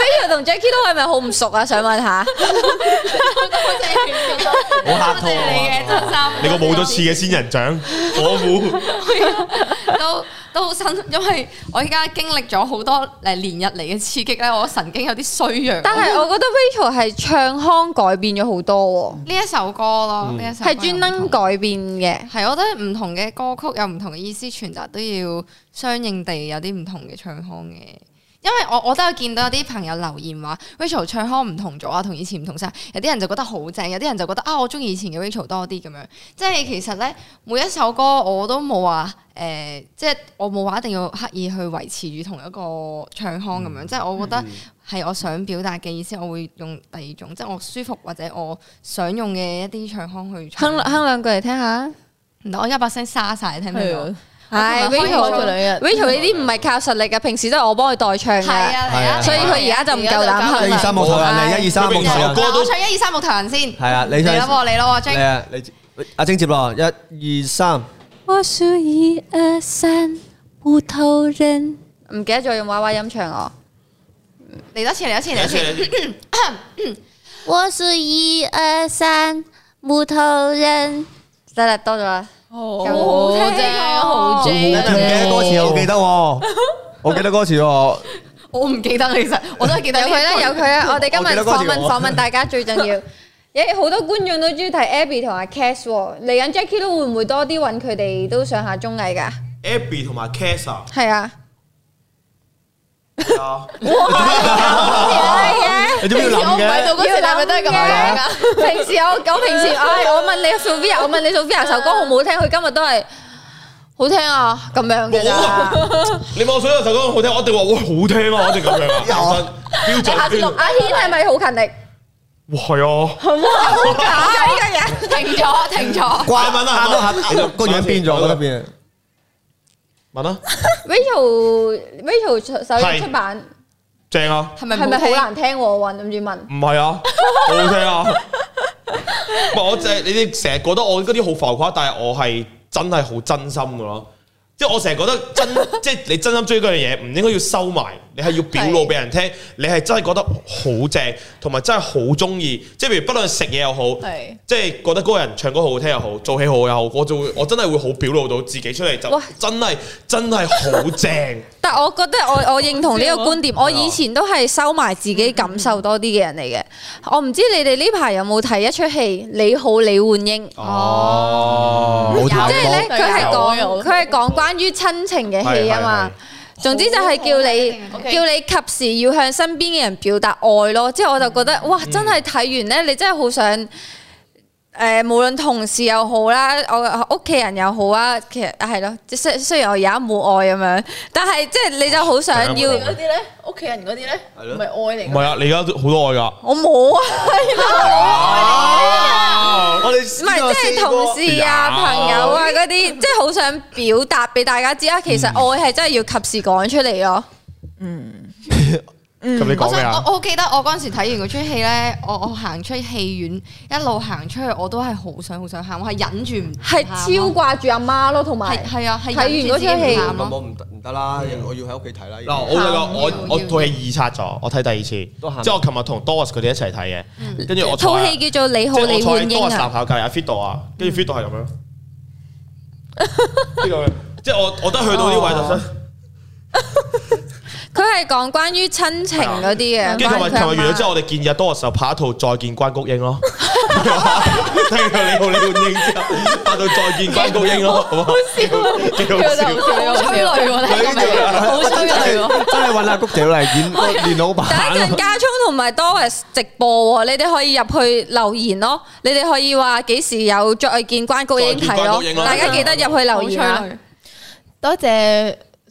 飛鴨同 Jacky 都係咪好唔熟啊？想問下。多謝你嘅真心。你個冇咗刺嘅仙人掌，我冇。都 。啊都好新，因為我依家經歷咗好多誒連日嚟嘅刺激咧，我神經有啲衰弱。但係我覺得 Rachel 係唱腔改變咗好多喎，呢一首歌咯，呢一首係專登改變嘅。係，嗯、我覺得唔同嘅歌曲有唔同嘅意思傳達，都要相應地有啲唔同嘅唱腔嘅。因為我我都有見到有啲朋友留言話 Rachel 唱腔唔同咗啊，同以前唔同晒。有啲人就覺得好正，有啲人就覺得啊，我中意以前嘅 Rachel 多啲咁樣。即係其實咧，每一首歌我都冇話誒，即係我冇話一定要刻意去維持住同一個唱腔咁樣。即係我覺得係我想表達嘅意思，我會用第二種，即係我舒服或者我想用嘅一啲唱腔去唱哼哼兩句嚟聽下。我而家把聲沙晒，聽唔聽到？係 Rachel Rachel 呢啲唔係靠實力嘅，平時都係我幫佢代唱嘅，啊啊、所以佢而家就唔夠膽一二三木頭人，你一二三木頭人，我唱一二三木頭人先。係啊，你嚟你咯，阿晶。阿晶接咯，一二三。我數一二三木頭人，唔記得再用娃娃音唱我。嚟多次，嚟多次，嚟多次。我數一二三木頭人，得啦，多咗。好聽，好正，唔記得歌詞又記得，我記得歌詞，我唔記得其實，我都係記得佢啦，有佢啦！我哋今日訪問訪問大家最重要，咦？好多觀眾都中意睇 Abby 同阿 Cass 嚟緊 Jacky 都會唔會多啲揾佢哋都上下綜藝噶？Abby 同埋 Cass 係啊，我唔係做嗰時代咪都係咁樣噶。平時我講平時，哎，我問你做邊啊？我問你做邊啊？首歌好唔好聽？佢今日都係好聽啊，咁樣噶。你望水啊，首歌好聽，我一定話，哇，好聽啊，好似咁樣。有標準。阿軒係咪好勤力？哇係啊，係咪假啊？呢個人停咗，停咗。怪唔啦，個個樣變咗啦，變。問啦。Rachel，Rachel 首首歌出版。正啊，係咪好難聽我問諗住問？唔係啊，好好聽啊！唔係 我即係你哋成日覺得我嗰啲好浮誇，但係我係真係好真心噶咯。即係我成日覺得真，即係你真心中意嗰樣嘢，唔應該要收埋，你係要表露俾人聽，你係真係覺得好正，同埋真係好中意。即係譬如，不論食嘢又好，即係覺得嗰個人唱歌好好聽又好，做戲好又好，我就會我真係會好表露到自己出嚟，就真係真係好正。但係我覺得我我認同呢個觀點，我以前都係收埋自己感受多啲嘅人嚟嘅。我唔知你哋呢排有冇睇一出戲《你好李煥英》？哦，即係咧，佢係講佢係講關。關於親情嘅戲啊嘛，是是是總之就係叫你好叫你及時要向身邊嘅人表達愛咯。之後我就覺得，嗯、哇，真係睇完呢，嗯、你真係好想。誒、呃，無論同事又好啦，我屋企人又好啊，其實係咯，雖雖然我而家冇愛咁樣，但係即係你就好想要啲咧，屋企人嗰啲咧，唔係愛嚟，唔係啊，你而家好多愛噶，我冇啊，我愛你啊，唔係即係同事啊、啊朋友啊嗰啲，即係好想表達俾大家知啊，其實愛係真係要及時講出嚟咯，嗯。 我想我好記得我嗰時睇完嗰出戲咧，我我行出戲院一路行出去，我都係好想好想喊，我係忍住唔係超掛住阿媽咯，同埋係啊，睇完嗰出戲。咁我唔唔得啦，我要喺屋企睇啦。嗱，我我我套戲二刷咗，我睇第二次。都行 即係我琴日同 Doris 佢哋一齊睇嘅，跟住我套戲叫做你《你好李煥英》啊。即係 Doris 考教阿 Fido 啊，跟住 Fido 係咁樣，即係我我覺得去到啲位就。想。 佢係講關於親情嗰啲嘅，跟住同埋同埋完咗之後，我哋見日多嘅時候拍一套再見關菊英咯，睇完你好李煥英之後拍到再見關菊英咯，好冇？笑，幾好笑，好催淚喎，真係好催淚喎，真係搵阿谷小麗演演老闆。等一陣嘉聰同埋多士直播，你哋可以入去留言咯，你哋可以話幾時有再見關菊英睇咯，大家記得入去留言啦，多謝。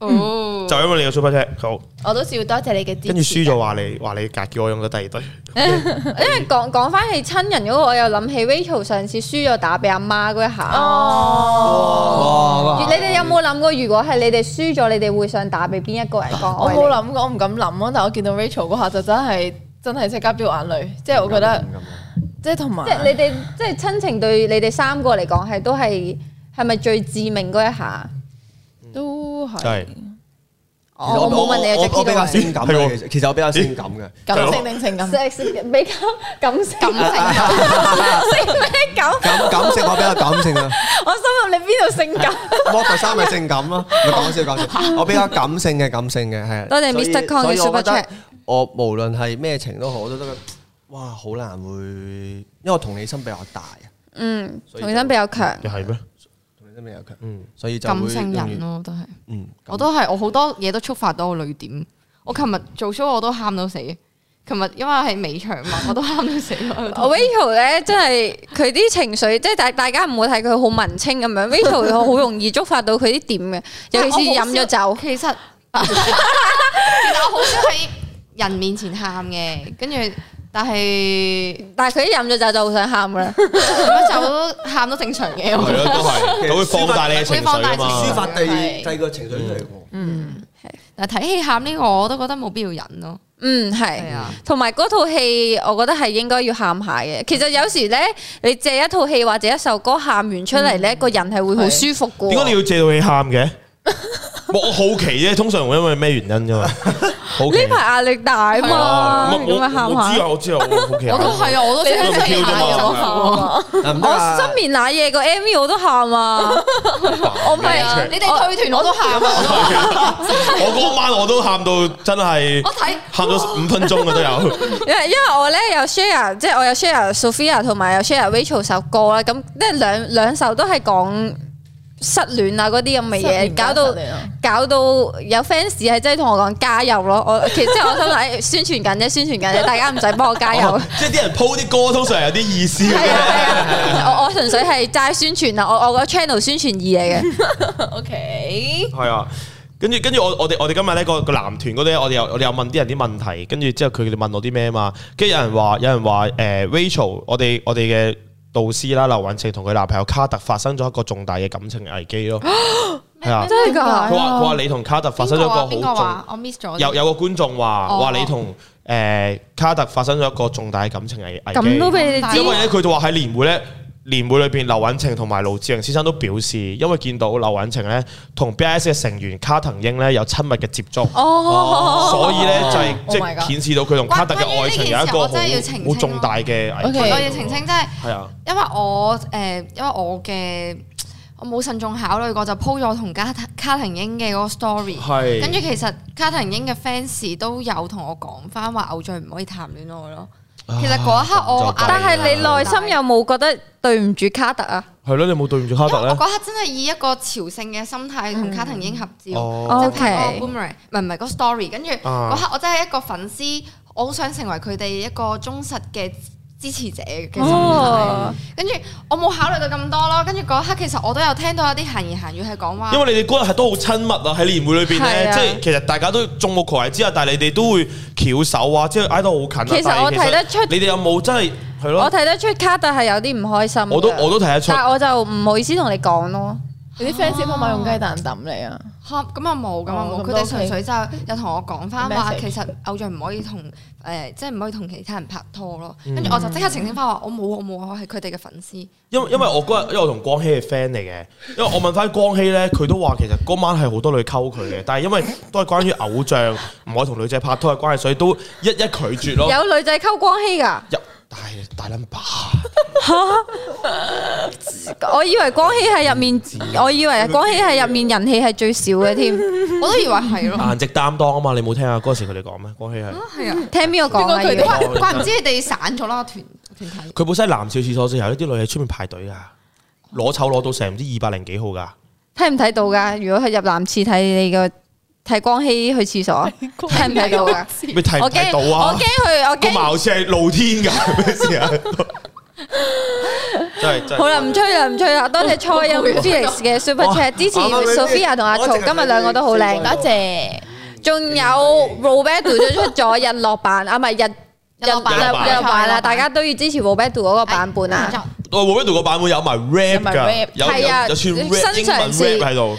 哦、嗯，就因為你個 super 車好，我都笑要多謝你嘅，跟住輸咗話你話你隔叫我用咗第二隊， 因為講講翻起親人嗰，那個，我又諗起 Rachel 上次輸咗打俾阿媽嗰一下，哦，哦哦你哋有冇諗過如果係你哋輸咗，你哋會想打俾邊一個人講？我冇諗過，我唔敢諗咯。但係我見到 Rachel 嗰下就真係真係即刻飆眼淚，即係我覺得，即係同埋，即係你哋即係親情對你哋三個嚟講係都係係咪最致命嗰一下？都係，我冇問你啊，Jacky 比較性感嘅，其實其實我比較性感嘅，感性定情感？sex 比較感性，性咩感？感感性我比較感性啊，我深入你邊度性感？Model 三係性感咯，咪講笑講笑，我比較感性嘅，感性嘅係。多謝 Mr. Kanye Scott，我無論係咩情都好，我都得個，哇，好難會，因為同理心比較大啊。嗯，同理心比較強，係咩？咁有強，所以就感性人咯，啊，都係，嗯，我都係，我好多嘢都觸發到我淚點。我琴日做 show 我都喊到死，琴日因為係尾場嘛，我都喊到死咯。Rachel 咧，真係佢啲情緒，即係大大家唔會睇佢好文青咁樣，Rachel 好容易觸發到佢啲點嘅，尤其是飲咗酒。其實， 其實我好想喺人面前喊嘅，跟住。但係，但係佢一飲咗酒就 就好想喊啦，咁 就喊都正常嘅。係佢會放大你嘅情緒，抒發第第二個情緒嚟嘅。嗯，係嗱是，睇戲喊呢個我都覺得冇必要忍咯。嗯，係，同埋嗰套戲，我覺得係應該要喊下嘅。其實有時咧，你借一套戲或者一首歌喊完出嚟咧，個、嗯、人係會好舒服嘅。點解你要借到你喊嘅？我好奇啫，通常會因為咩原因啫嘛？呢排壓力大啊嘛？我唔知啊，我知啊，我都係啊，我都笑咗下。我失眠那夜個 MV 我都喊啊！我唔係，你哋退團我都喊啊！我嗰晚我都喊到真係，我睇喊咗五分鐘啊都有。因為因為我咧有 share，即係我有 share Sofia 同埋有 share Rachel 首歌啦，咁即係兩兩首都係講失戀啊，嗰啲咁嘅嘢，搞到搞到有 fans 係真係同我講加油咯。我其實我心諗宣傳緊啫，宣傳緊啫，大家唔使幫我加油。哦、即係啲人 po 啲歌，通常係有啲意思。係我我純粹係齋宣傳啊，我純粹宣傳我個 channel 宣傳二嚟嘅。 o Okay K。係啊，跟住跟住我我哋我哋今日呢個、個男團嗰啲，我哋又我哋又問啲人啲問題，跟住之後佢哋問我啲咩嘛，跟住有人話有人話誒 Rachel，我哋我哋嘅。導師啦，劉蘊晴同佢男朋友卡特發生咗一個重大嘅感情危機咯，係 啊，真係噶！佢話佢話你同卡特發生咗一個好重，我 miss 咗。有有個觀眾話話、哦、你同誒、欸、卡特發生咗一個重大嘅感情危危機，你因為咧佢就話喺年會咧。年會裏邊，劉蘊晴同埋盧志陽先生都表示，因為見到劉蘊晴咧同 B.S 嘅成員卡藤英咧有親密嘅接觸，oh、所以咧就係即係顯示到佢同卡滕嘅愛情有一個好重大嘅，我 Okay, 我要澄清真係，係、呃、啊，因為我誒因為我嘅我冇慎重考慮過就鋪咗同卡卡滕英嘅嗰個 story，係跟住其實卡藤英嘅 fans 都有同我講返話偶像唔可以談戀愛咯。其實嗰一刻我，但係你內心有冇覺得對唔住卡特啊？係咯，你冇對唔住卡特咧。嗰刻真係以一個朝聖嘅心態同卡婷英合照，即係拍個 boomerang，唔係唔係嗰 story。跟住嗰刻我真係一個粉絲，我好想成為佢哋一個忠實嘅支持者其實唔係，跟住、哦、我冇考慮到咁多咯。跟住嗰刻其實我都有聽到一啲閒言閒語係講話，因為你哋嗰日係都好親密是啊，喺年會裏邊咧，即係其實大家都眾目睽睽之下，但係你哋都會翹手啊，即係挨得好近。其實我睇得出你哋有冇真係係咯，我睇得出卡特係有啲唔開心我，我都我都睇得出，但係我就唔好意思同你講咯。啊、有啲 fans 可唔可以用雞蛋揼你啊？嚇，咁又冇，咁又冇，佢哋純粹就有同我講翻話，其實偶像唔可以同誒，即係唔可以同其他人拍拖咯。跟住、嗯、我就即刻澄清翻話，我冇，我冇，我係佢哋嘅粉絲。因因為我嗰日，因為我同光熙係 friend 嚟嘅，因為我問翻光熙咧，佢都話其實嗰晚係好多女溝佢嘅，但係因為都係關於偶像唔可以同女仔拍拖嘅關係，所以都一一拒絕咯。有女仔溝光熙噶？Yeah. 大大冧巴 我以為光希喺入面，我以為光希喺入面人氣係最少嘅添， 我都以為係咯。顏值擔當啊嘛，你冇聽啊？嗰時佢哋講咩？光希係，係啊，聽邊個講啊？怪唔知你哋散咗啦，團團體。佢本身男廁廁所先後呢啲女喺出面排隊噶，攞籌攞到成唔知二百零幾號噶，睇唔睇到噶？如果係入男廁睇你個。睇光熙去廁所，睇唔睇到噶？我驚，我驚佢，我驚。佢貌似係露天噶，咩事啊？好啦，唔吹啦，唔吹啦，多謝初音 Felix 嘅 Super Chat，支持 Sophia 同阿曹，今日兩個都好靚，多謝。仲有 Roberto 都出咗日落版啊，唔係日。又玩啦，大家都要支持《Wounded》嗰個版本啊！《Wounded》個版本有埋 rap 噶，係啊，有串 rap 英文 rap 喺度。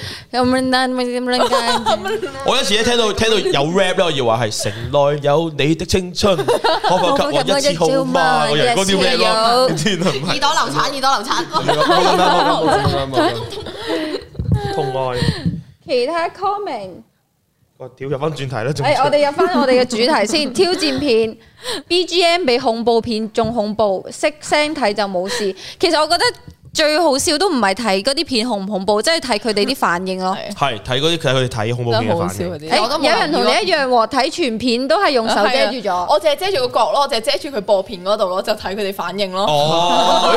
我有時咧聽到聽到有 rap 咧，我要話係城內有你的青春，可否給我一支號碼？我人嗰啲咩啊？天啊！耳朵流產，耳朵流產。同埋其他 comment。我跳入翻轉題啦、欸，我哋入翻我哋嘅主題先， 挑戰片 BGM 比恐怖片仲恐怖，識聲睇就冇事。其實我覺得最好笑都唔係睇嗰啲片恐唔恐怖，即係睇佢哋啲反應咯。係睇嗰啲睇佢哋睇恐怖片嘅反應。有人同你一樣喎，睇全片都係用手、哎、遮住咗。我淨係遮住個角咯，就、哎、遮住佢播片嗰度咯，就睇佢哋反應咯。哦，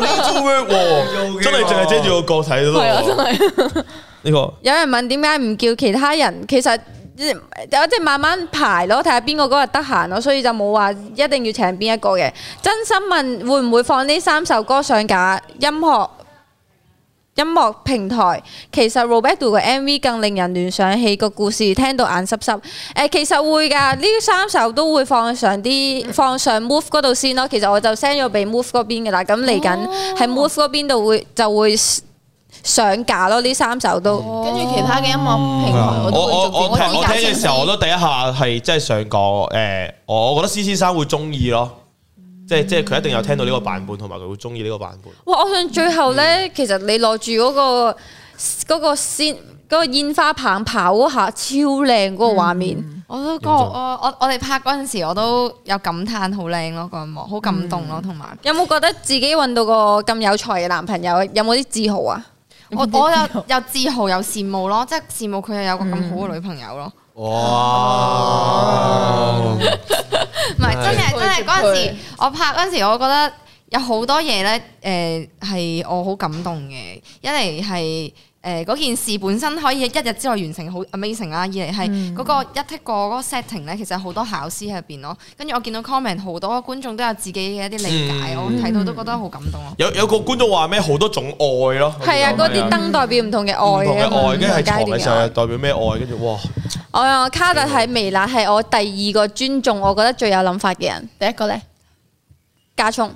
你做咩喎？真係淨係遮住個角睇啫？係啊，真係。真有人問點解唔叫其他人？其實我即係慢慢排咯，睇下邊個嗰日得閒咯，所以就冇話一定要請邊一個嘅。真心問會唔會放呢三首歌上架音樂音樂平台？其實 Roberto 嘅 MV 更令人聯想起個故事，聽到眼濕濕。誒、呃，其實會噶，呢三首都會放上啲放上 Move 嗰度先咯。其實我就 send 咗俾 Move 嗰邊嘅啦。咁嚟緊喺 Move 嗰邊度會就會，就會上架咯，呢三首都跟住其他嘅音樂平台，我我聽嘅時候，我都第一下係即係想講，誒，我覺得施先生會中意咯，即係即係佢一定有聽到呢個版本，同埋佢會中意呢個版本。哇，我想最後咧，其實你攞住嗰個嗰個先嗰個煙花棒跑下超靚嗰個畫面，我都嗰我我哋拍嗰陣時我都有感嘆好靚咯，個音樂好感動咯，同埋有冇覺得自己揾到個咁有才嘅男朋友，有冇啲自豪啊？我我又又自豪又羨慕咯，即係羨慕佢又有個咁好嘅女朋友咯。嗯、哇！唔係 真係真係嗰陣時， 我拍嗰陣時，我覺得有好多嘢咧，誒、呃、係我好感動嘅，一嚟係。誒，嗰、呃、件事本身可以一日之內完成，好 Amazing 啦、啊。二嚟係嗰個一剔 i 過嗰個 setting 咧，其實好多考思喺入邊咯。跟住我見到 comment 好多觀眾都有自己嘅一啲理解，嗯、我睇到都覺得好感動。有有個觀眾話咩？好多種愛咯。係啊，嗰啲燈代表唔同嘅愛。唔同嘅愛，跟住係代表咩愛？跟住哇！我啊、哦，卡特喺微辣係我第二個尊重，我覺得最有諗法嘅人。第一個咧，賈松。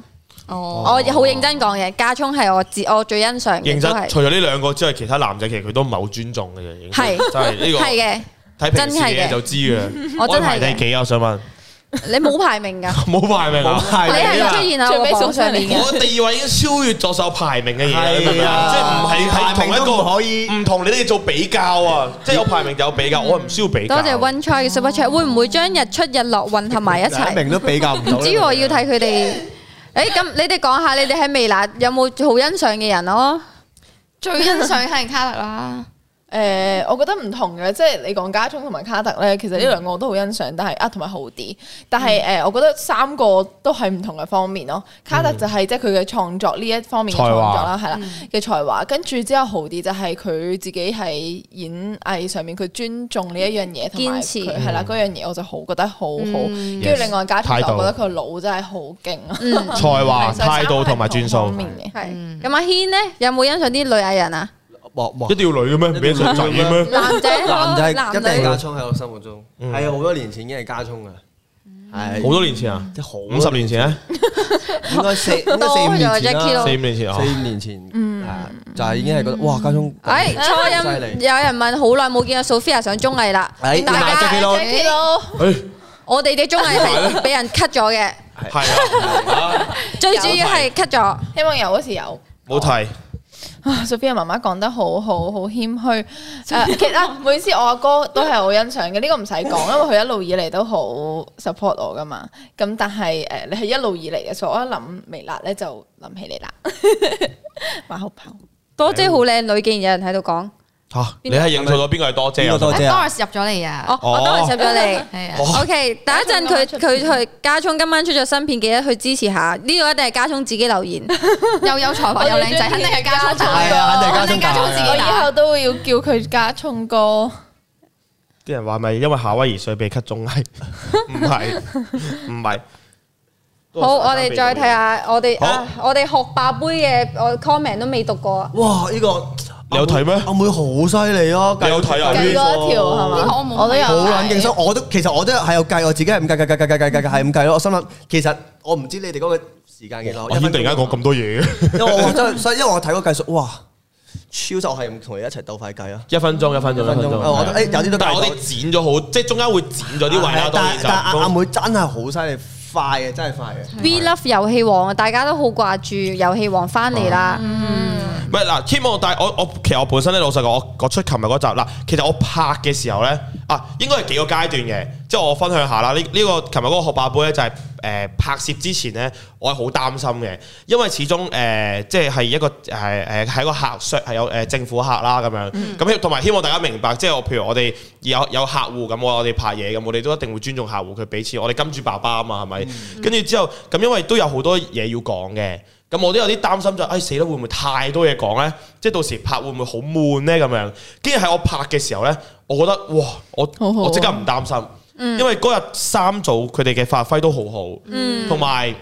哦，我好認真講嘅，家聰係我自我最欣賞嘅。認真，除咗呢兩個之外，其他男仔其實佢都唔係好尊重嘅。就係呢個係嘅，睇真脾氣就知嘅。我真係第幾我想問你冇排名噶？冇排名，冇排名。你係出現喺最上邊嘅。我第二位已經超越咗手排名嘅嘢，你即係唔係喺同一個可以唔同你哋做比較啊？即係有排名就有比較，我唔需要比較。多謝溫菜嘅 Super Chat，會唔會將日出日落混合埋一齊？排名都比較唔到。唔知我要睇佢哋。誒咁，欸、你哋講下你哋喺微辣有冇好欣賞嘅人咯，哦？ 最欣賞係卡特啦。誒，我覺得唔同嘅，即係你講加聰同埋卡特咧，其實呢兩個我都好欣賞，但係啊，同埋豪迪，但係誒，我覺得三個都係唔同嘅方面咯。卡特就係即係佢嘅創作呢一方面嘅創作啦，係啦嘅才華。跟住之後豪迪就係佢自己喺演藝上面佢尊重呢一樣嘢同埋堅持。係啦嗰樣嘢，我就好覺得好好。跟住另外加聰，就覺得佢腦真係好勁啊！才華、態度同埋轉數。咁，阿軒呢，有冇欣賞啲女藝人啊？哇！一定要女嘅咩？唔俾做男嘅咩？男仔男仔一定家聰喺我心目中。係啊！好多年前已經係家聰嘅，係好多年前啊，五十年前咧，應該四四五年前啦，四五年前，四五年前啊，就係已經係覺得哇，家聰。哎，初音有人問好耐冇見阿 Sophia 上綜藝啦，大家見到見到，我哋啲綜藝係俾人 cut 咗嘅，係啊，最主要係 cut 咗，希望有嗰時有，冇提。S 啊 Sophia 媽媽講得好好，好謙虛。Uh, 其實每次、啊、我阿哥都係好欣賞嘅，呢、呢個唔使講，因為佢一路以嚟都好 support 我噶嘛。咁但係誒，uh, 你係一路以嚟嘅，所以我一諗微辣咧就諗起你啦，馬後炮。多謝好靚女，竟然有人喺度講。你係認錯咗邊個係多姐啊？多姐，Doris 入咗嚟啊。哦，Doris 入咗嚟。OK，等一陣佢佢去加聰今晚出咗新片，記得去支持下。呢個一定係加聰自己留言，又有才華又靚仔，肯定係加聰打。係啊，加聰打。我以後都會要叫佢加聰哥。啲人話咪因為夏威夷水被吸腫係，唔係唔係。好，我哋再睇下我哋啊，我哋學霸杯嘅我 comment 都未讀過。哇，呢個。有睇咩？阿妹好犀利咯！有睇啊呢？計過一條係嘛？我都有。好冷靜心，我都其實我都係有計，我自己係咁計計計計計計計係咁計咯。我心諗，其實我唔知你哋嗰個時間幾耐。阿軒突然間講咁多嘢，因為真，所以因為我睇嗰個計數，哇，超速係同你一齊鬥快計咯。一分鐘，一分鐘，一分鐘。誒，有啲都，但係我哋剪咗好，即係中間會剪咗啲位啦。但係但係阿阿妹真係好犀利，快嘅真係快嘅。We love 遊戲王啊！大家都好掛住遊戲王翻嚟啦。嗯。唔係嗱，希望大家我我其實我本身咧老實講，我出琴日嗰集嗱，其實我拍嘅時候咧啊，應該係幾個階段嘅，即係我分享下啦。呢、呢、呢個琴日嗰個學霸杯咧就係、係、誒、呃、拍攝之前咧，我係好擔心嘅，因為始終誒即係係一個誒誒係個客，係有誒政府客啦咁樣，咁同埋希望大家明白，即係我譬如我哋有有客戶咁，我哋拍嘢咁，我哋都一定會尊重客戶佢俾錢，我哋金主爸爸啊嘛係咪？跟住、嗯、之後咁，因為都有好多嘢要講嘅。咁我都有啲擔心就，唉、哎，死啦，會唔會太多嘢講呢？即係到時拍會唔會好悶呢？咁樣，跟住喺我拍嘅時候呢，我覺得，哇！我好好、啊、我即刻唔擔心，嗯、因為嗰日三組佢哋嘅發揮都好好，同埋、嗯。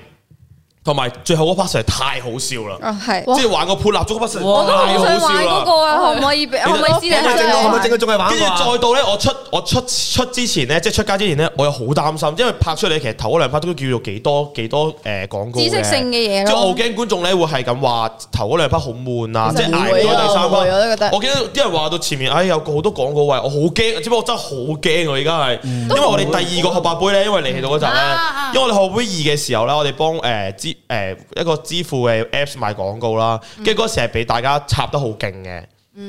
同埋最後嗰 part 實在太好笑喇，即係，玩個潑蠟燭嗰 part，我好想玩嗰個，可唔可以俾？其實我唔係整咯，我唔係整佢，仲係玩。跟住再到咧，我出我出出之前咧，即係出街之前咧，我又好擔心，因為拍出嚟其實頭嗰兩 part 都叫做幾多幾多誒廣告。知識性嘅嘢咯。即係我好驚觀眾咧會係咁話頭嗰兩 part 好悶啊，即係捱唔到第三 part。我都覺得。我見到啲人話到前面，哎有好多廣告位，我好驚，只不過我真係好驚我而家係，因為我哋第二個學霸杯咧，因為嚟到嗰陣咧，因為我哋學杯二嘅時候咧，我哋幫誒誒，一個支付嘅 apps 賣廣告啦，跟住嗰時係俾大家插得好勁嘅，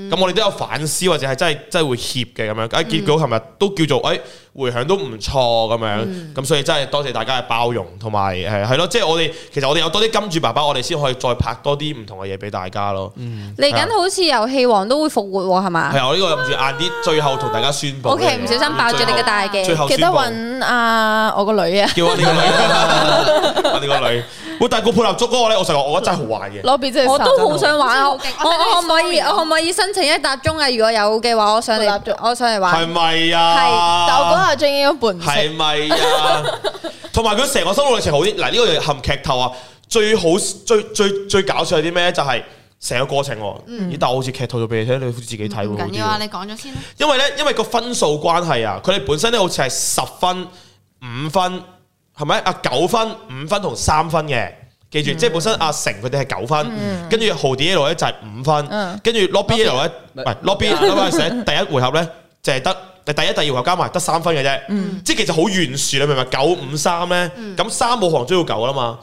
咁我哋都有反思或者係真係真係會怯嘅咁樣，咁結果琴日都叫做誒回響都唔錯咁樣，咁所以真係多謝大家嘅包容同埋誒係咯，即係我哋其實我哋有多啲金主爸爸，我哋先可以再拍多啲唔同嘅嘢俾大家咯。嚟緊好似遊戲王都會復活，係嘛？係啊，我呢個諗住晏啲，最後同大家宣布。OK，唔小心爆咗你嘅大嘅。最後，記得搵我個女啊，叫我呢個女，阿呢個女。喂，但係個配藍竹嗰個咧，我成日我覺得真係好玩嘅。攞邊真係我都好想玩，好勁！我我可唔可以？我可唔可以申請一搭鐘啊？如果有嘅話，我上嚟我想嚟玩。係咪啊？係，但我嗰下仲要半。係咪啊？同埋佢成個生活歷程好啲。嗱，呢個含劇透啊，最好最最最搞笑係啲咩？就係成個過程喎。嗯，但我好似劇透咗俾你睇，你自己睇喎。唔緊要啊，你講咗先。因為咧，因為個分數關係啊，佢哋本身咧好似係十分五分。係咪啊？九分、五分同三分嘅，記住，即係本身阿成佢哋係九分，跟住豪啲一路咧就係五分，跟住羅比一路咧，喂，羅比，羅比社第一回合咧就係得，第第一、第二回合加埋得三分嘅啫，即係其實好懸殊，你明唔明？九五三咧，咁三冇黃珠要九啦嘛，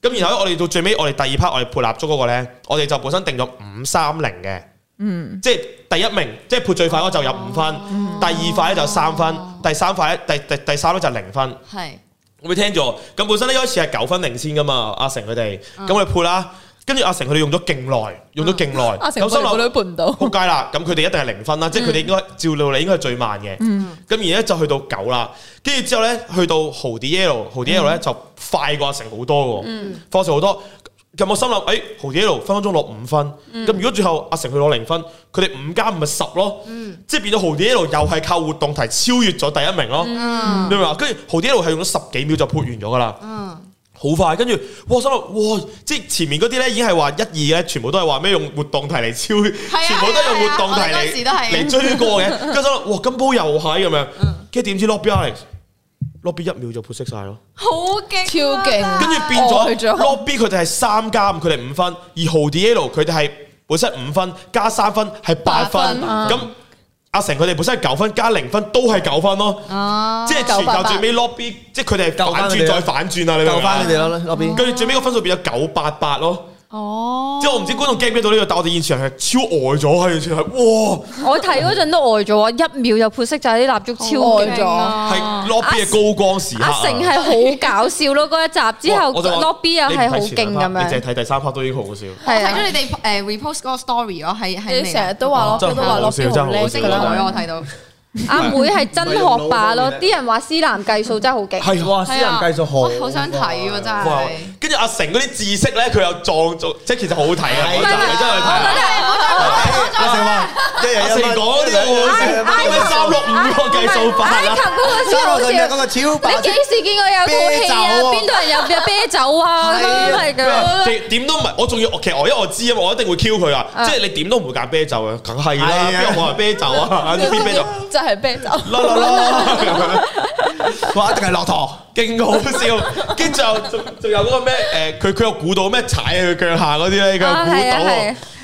咁然後咧，我哋到最尾，我哋第二 part，我哋配蠟燭嗰個咧，我哋就本身定咗五三零嘅，即係第一名，即係配最快嗰就入五分，第二快咧就三分，第三塊咧，第第第三咧就零分。我咪聽咗，咁本身呢，一開始係九分零先噶嘛，阿成佢哋，咁我哋配啦，跟住阿成佢哋用咗勁耐，用咗勁耐，咁三都配唔到，好怪啦，咁佢哋一定係零分啦，嗯、即係佢哋應該照道理應該係最慢嘅，咁而咧就去到九啦，跟住之後咧去到豪啲 l 豪啲 l l 咧、嗯、就快過阿成好多嘅，快成好多。嗯我心諗，誒、哎，豪仔一路分分鐘落五分，咁、嗯、如果最後阿成去攞零分，佢哋五加五咪十咯，嗯、即係變到豪仔一路又係靠活動題超越咗第一名咯，嗯啊、明嘛？跟住豪仔一路係用咗十幾秒就潑完咗噶啦，好、嗯、快。跟住，我心諗，哇！即係前面嗰啲咧，已經係話一二咧，全部都係話咩用活動題嚟超越，嗯、全部都係用活動題嚟嚟追過嘅。跟住我心諗，哇！今鋪又係咁樣，跟住點知攞邊個？嗯 lobby 一秒就撲熄晒咯，好勁，超勁，跟住是變咗 lobby 佢哋係三加五，佢哋五分；而豪 o l 佢哋係本身五分加三分係八分，咁阿成佢哋本身係九分加零分都係九分咯，即係、啊、全球最尾 lobby 即係佢哋反轉再反轉啊！你明唔明啊？佢哋最尾個分數變咗九八八咯。哦！即係我唔知觀眾驚唔驚到呢個，但我哋現場係超呆咗，係完全係哇！我睇嗰陣都呆咗啊！一秒就撲熄就係啲蠟燭超呆咗，係。Lobby 嘅高光時刻。阿成係好搞笑咯，嗰一集之後，Lobby 又係好勁咁樣。你淨係睇第三 part 都已經好好笑。係睇咗你哋誒，repost 個 story 咯，係係你成日都話，都話 Lobby 好叻啦，我睇到。阿妹係真學霸咯，啲人話施南計數真係好勁，係哇，施南計數學好，好想睇喎真係。跟住阿成嗰啲知識咧，佢又狀做，即係其實好好睇啊嗰你真係睇啦。冇錯，冇錯，阿成話。有人有講啲嘅喎，三六五個計數法。埃及嗰個超搞笑，你幾時見過有啤酒？邊度人有啤啤酒啊？係啊，點都唔係，我仲要，其實我因為我知啊，我一定會 Q 佢啊，即係你點都唔會揀啤酒啊，梗係啦，邊個話啤酒啊？真係啤酒。啦啦啦，哇，一定係駱駝，勁好笑。跟住仲仲有嗰個咩？誒，佢佢又估到咩？踩佢腳下嗰啲咧，佢估到。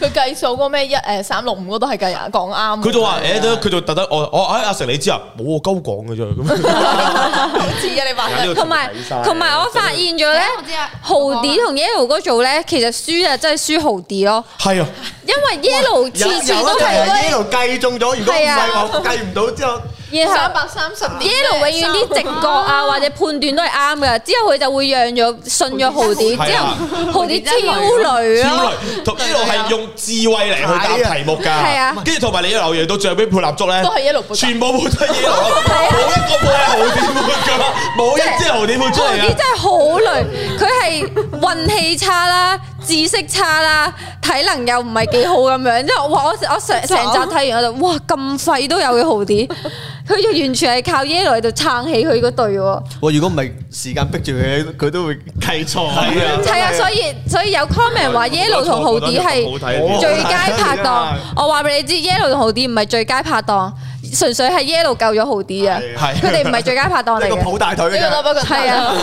佢計數嗰咩？一誒三六五嗰都係計人。講啱，佢就話誒，都佢就特登，我我哎阿成你知啊，冇我高講嘅啫，咁似啊你話，同埋同埋我發現咗咧，豪啲同 yellow 嗰組咧，其實輸就真係輸豪啲咯，係啊，因為 yellow 次次都係 yellow 計中咗，如果唔係我計唔到之後。然後 Yellow 永遠啲直覺啊或者判斷都係啱嘅，之後佢就會讓咗信咗豪啲，之後豪啲超累啊！Yellow 係用智慧嚟去答題目㗎，跟住同埋你留意到最後邊配蠟燭咧，全部都係 Yellow，冇一個冇一豪啲出嚟嘅，冇一支豪啲出嚟啊！豪啲真係好累，佢係運氣差啦。知識差啦，體能又唔係幾好咁樣，之後哇，我我成成集睇完我就哇咁廢都有嘅豪啲，佢就完全係靠 Yellow 喺度撐起佢嗰隊喎。如果唔係時間逼住佢，佢都會計錯。係啊，所以所以有 comment 話 Yellow 同豪啲係最佳拍檔。我話俾你知，Yellow 同豪啲唔係最佳拍檔，純粹係 Yellow 救咗豪啲啊！佢哋唔係最佳拍檔嚟，呢個抱大腿啫，係啊。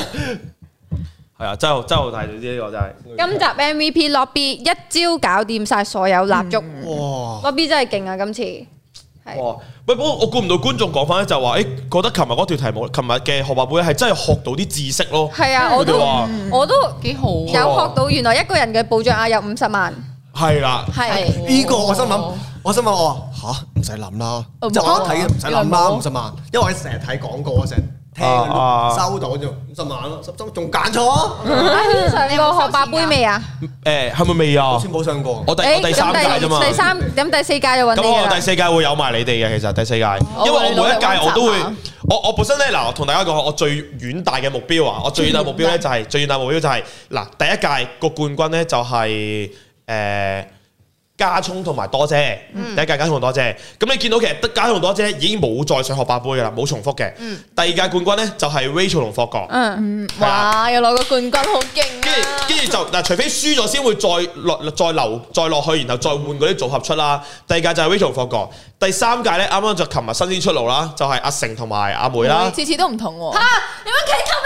係啊，真係真係好睇，總之呢個真係今集 MVP，Lobby 一招搞掂晒所有蠟燭。哇！Lobby 真係勁啊，今次。哇！喂，不過我估唔到觀眾講翻咧，就話誒，覺得琴日嗰條題目，琴日嘅學霸妹係真係學到啲知識咯。係啊，我都我都幾好，有學到原來一個人嘅保障額有五十萬。係啦。係。呢個我心諗，我心諗我話吓唔使諗啦，就我睇唔使諗啦，五十萬，因為我成日睇廣告啊成。收到，就五十萬咯，十千，仲揀錯？你個學霸杯未啊？誒，係咪未啊？我先冇上過，我第第三屆啫嘛。第三、欸，咁第四屆又揾？咁我第四屆會有埋你哋嘅，其實第四屆，因為我每一屆我都會，我我本身咧，嗱，同大家講，我最遠大嘅目標啊，我最遠大目標咧就係，最遠大目標就係、是，嗱、就是，第一屆個冠軍咧就係、是，誒、呃。加蔥同埋多姐，第一屆加蔥同多姐，咁、嗯、你見到其實加蔥同多姐已經冇再上學霸杯噶啦，冇重複嘅。嗯、第二屆冠軍咧就係 Rachel 同霍國、嗯，哇，吧又攞個冠軍，好勁啊！跟住，跟住就嗱，除非輸咗先會再落、再留、再落去，然後再換嗰啲組合出啦。第二屆就係 Rachel 同霍國，第三屆咧啱啱就琴日新鮮出爐啦，就係、是、阿成同埋阿梅啦，次次都唔同喎。吓，你唔企睇唔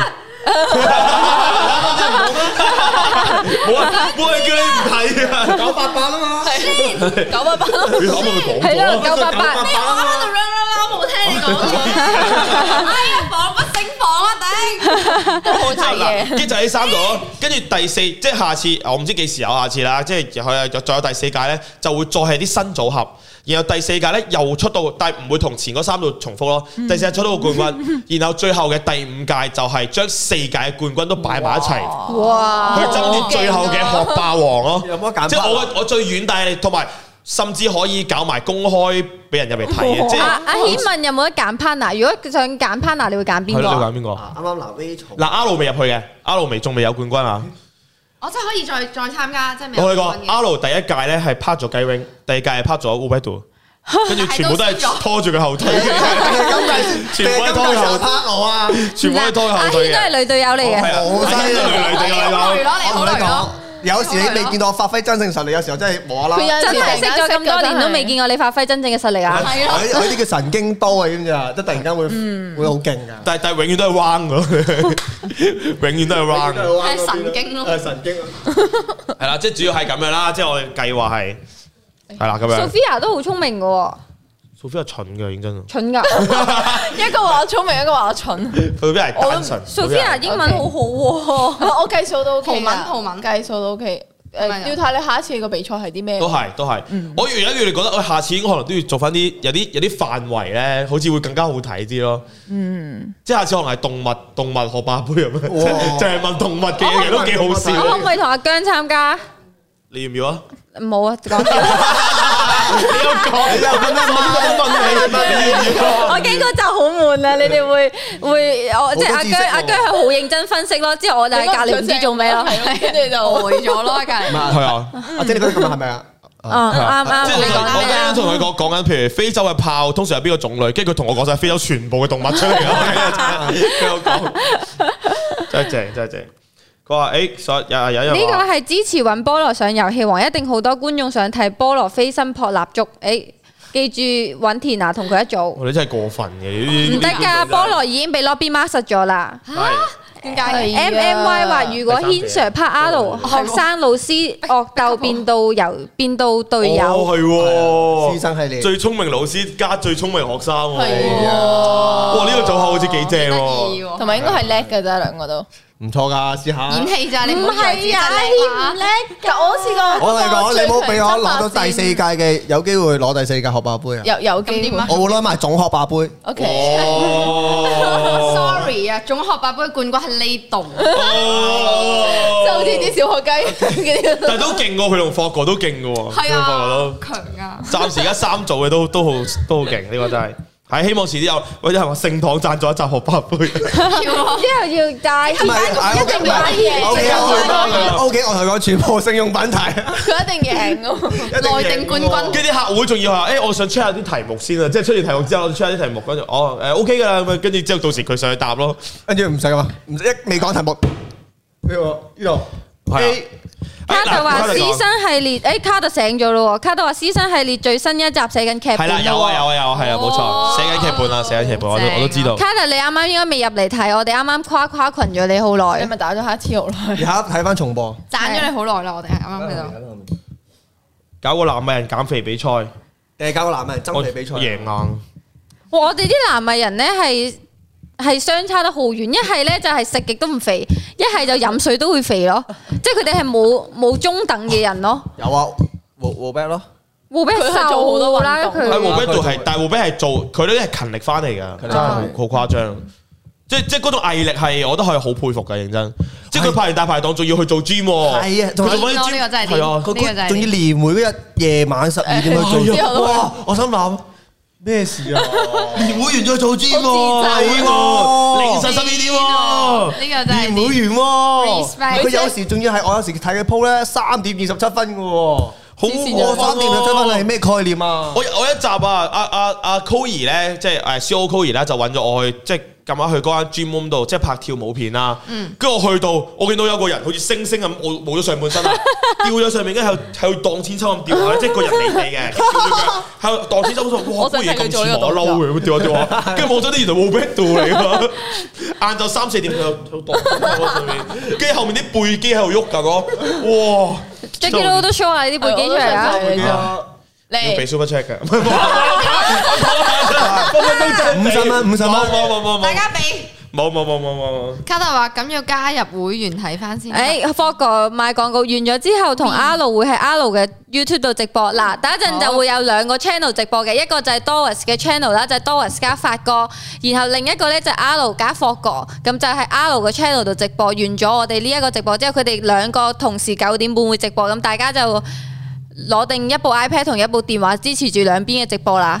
睇啊？啊冇啦，冇人叫你唔睇啊，九八八啊嘛，九八八，係啦，九八八。我啱啱度 round round round，冇聽你講嘅。哎呀，防不勝防啊，頂，都好睇嘅。跟住呢三度，跟住第四，即係下次，我唔知幾時有下次啦。即係佢又再有第四屆咧，就會再係啲新組合。然後第四屆咧又出到，但係唔會同前嗰三度重複咯。嗯、第四屆出到個冠軍，嗯、然後最後嘅第五屆就係將四屆冠軍都擺埋一齊，哇 去爭啲最後嘅學霸王咯。有冇得揀？即係我我最遠，但係同埋甚至可以搞埋公開俾人入嚟睇嘅。即係阿阿軒問有冇得揀 partner？如果想揀 partner，你會揀邊個？啱啱嗱嗱 Al 未入去嘅阿 l 未仲未有冠軍啊。我真係可以再再參加，真係未我去過。阿 l 第一屆咧係拍咗雞 wing，第二屆係拍咗烏背兔，跟住全部都係拖住佢後腿。今屆全部都拖後腿，我啊，全部都拖後腿嘅。都係女隊友嚟嘅，啊，冇曬女女隊友。我唔係講。有時你未見到我發揮真正實力，有時候真係冇啦啦。佢真係識咗咁多年都未見過你發揮真正嘅實力啊！佢佢啲叫神經刀啊，知唔知啊？即突然間會會好勁噶。但係但係永遠都係彎嘅， 永遠都係彎嘅，係神經咯，神經咯。係啦，即係主要係咁樣啦。即係我計劃係係啦咁樣。 啊、Sofia 都好聰明嘅喎。蘇菲係蠢嘅，認真啊！蠢噶，一個話我聰明，一個話我蠢。蘇菲係單純。蘇菲啊，英文好好，我計數都 ok，文文計數都。ok。誒，要睇你下一次個比賽係啲咩？都係，都係。我原而要你嚟覺得，喂，下次應該可能都要做翻啲有啲有啲範圍咧，好似會更加好睇啲咯。嗯，即係下次可能係動物，動物學霸杯咁樣，就係問動物嘅嘢都幾好笑。我可唔可以同阿姜參加？你要唔要啊？冇啊，講。你唔講，你真係分得啱。我你，你唔我驚嗰集好悶啊！你哋會會，我即係阿姜，阿姜係好認真分析咯。之後我就喺隔籬唔知做咩咯，跟住就毀咗咯，隔籬。係啊，阿姐你覺得咁係咪啊？啱啱，即係我咧同佢講講緊，譬如非洲嘅豹通常有邊個種類？跟住佢同我講晒非洲全部嘅動物出嚟。佢有講，真係正，真係正。佢話：，呢個係支持揾菠蘿上遊戲王，一定好多觀眾想睇菠蘿飛身撲蠟燭。誒，記住揾田娜同佢一組。你真係過分嘅！唔得噶，菠蘿已經畀 lobby master 咗啦。嚇？點解？MMY 話如果 Ken Sir 拍 R 學生老師惡鬥變到由變到隊友，係喎，師生系列最聰明老師加最聰明學生喎。哇，呢個組合好似幾正喎，同埋應該係叻嘅啫，兩個都。唔錯噶，試下演戲咋，你唔係啊？你唔叻，我試過。我同你講，你冇好俾我攞到第四屆嘅，有機會攞第四屆學霸杯啊！有有咁我會攞埋總學霸杯。O K。Sorry 啊，總學霸杯冠軍係呢度，就好似啲小學雞，但係都勁過佢，同霍國都勁噶喎。係啊，霍國都強啊。暫時而家三組嘅都都好都好勁，呢個真係。係希望遲啲有或者係話聖堂贊助一集學百杯，之後要帶，一定要贏，O K，我同佢講全部性用品牌。佢一定贏，內定冠軍。跟住啲客戶仲要話，誒，我想 check 下啲題目先啊，即係出完題目之後，check 下啲題目，跟住，哦，誒，O K 噶啦，咁跟住之後到時佢上去答咯，跟住唔使嘛，唔一未講題目呢個呢度 A。卡特話屍生系列，誒、哎，卡特醒咗咯，卡特話屍生系列最新一集寫緊劇本咯。係啦，有啊有啊有，啊！係啊冇錯，寫緊劇本啊，寫緊劇本，本哦、我我都知道。卡特你啱啱應該未入嚟睇，我哋啱啱跨跨群咗你好耐，你咪打咗下一次好耐！而家睇翻重播，等咗你好耐啦，我哋係啱啱喺度搞個男藝人減肥比賽，定搞個男藝人增肥比賽？贏硬、哦。我哋啲男藝人咧係。係相差得好遠，一係咧就係食極都唔肥，一係就飲水都會肥咯。即係佢哋係冇冇中等嘅人咯、啊。有啊，胡胡北咯，胡北瘦好多，胡佢。係做係，但係胡北係做佢都係勤力翻嚟噶，呢真係好誇張。是即係即係嗰種毅力係，我都係好佩服嘅，認真。即係佢拍完大排檔，仲要去做 gym。係啊，佢仲要 gym。呢個真係。係啊，佢佢仲要連每嗰日夜晚十二點去做。哇，我心諗。咩事啊？年 會員再做尖喎、啊，係喎、啊，凌晨十二點喎、啊，呢個年會員喎、啊，佢、啊、有時仲要係我有時睇佢鋪咧三點二十七分嘅、啊，好我三點二十七分係、啊、咩概念啊？我我一集啊，阿阿阿 Coir 即係誒，小 Coir 就揾、是、咗、e、我去即係。就是咁晚去嗰間 gym room 度，即係拍跳舞片啦。跟住、嗯、我去到，我見到有個人好似星星咁，冇咗上半身啦，吊咗上面。跟住喺喺度蕩千秋咁吊，即係個人肥肥嘅，喺度蕩千秋，好似哇乜嘢咁似我，嬲佢，屌我屌我，跟住望咗啲原來冇 fit 嚟。晏晝三四點佢喺度喺度蕩，跟住後面啲背肌喺度喐緊咯。哇即係見到好多我都 show 下你啲背肌出嚟啊，你背 show 唔出嚟噶？ 分分鐘，五十蚊，五十蚊，冇冇冇大家俾冇冇冇冇冇。卡特話：咁要加入會員睇返先。誒，發哥買廣告完咗之後 R,、嗯，同阿 Lo 會喺阿 Lo 嘅 YouTube 度直播。嗱，等一陣就會有兩個 channel 直播嘅，哦、一個就係 Doris 嘅 channel 啦，就 Doris 加發哥，然後另一個咧就阿 Lo 加發哥，咁就喺阿 Lo 嘅 channel 度直播。完咗我哋呢一個直播之後，佢哋兩個同時九點半會直播，咁大家就攞定一部 iPad 同一部電話支持住兩邊嘅直播啦。